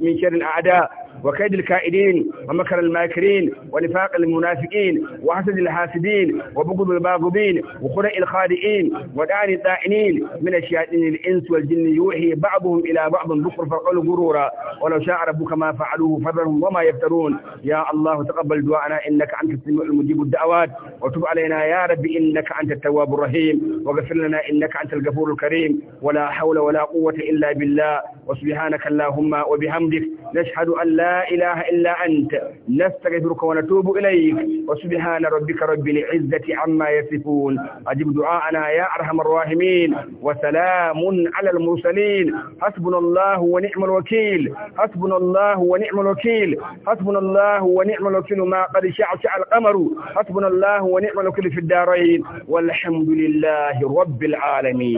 من شر الأعداء وكيد الكائدين ومكر الماكرين ونفاق المنافقين وحسد الحاسدين وبغض الباغضين وخلع الخادئين ودعن الطائنين من الشياطين الإنس والجن يوحي بعضهم إلى بعض ذكر فقل غرورا ولو شاء ربك ما فعلوه فذرهم وما يفترون يا الله تقبل دعاءنا إنك أنت السميع المجيب الدعوات وتب علينا يا رب إنك أنت التواب الرحيم واغفر لنا إنك أنت الغفور الكريم ولا حول ولا قوة إلا بالله وسبحانك اللهم وبحمدك نشهد أن لا لا إله إلا أنت نستغفرك ونتوب إليك وسبحان ربك رب العزة عما يصفون أجب دعاءنا يا أرحم الراحمين وسلام على المرسلين حسبنا الله ونعم الوكيل حسبنا الله ونعم الوكيل حسبنا الله ونعم الوكيل ما قد شعشع القمر حسبنا الله ونعم الوكيل في الدارين والحمد لله رب العالمين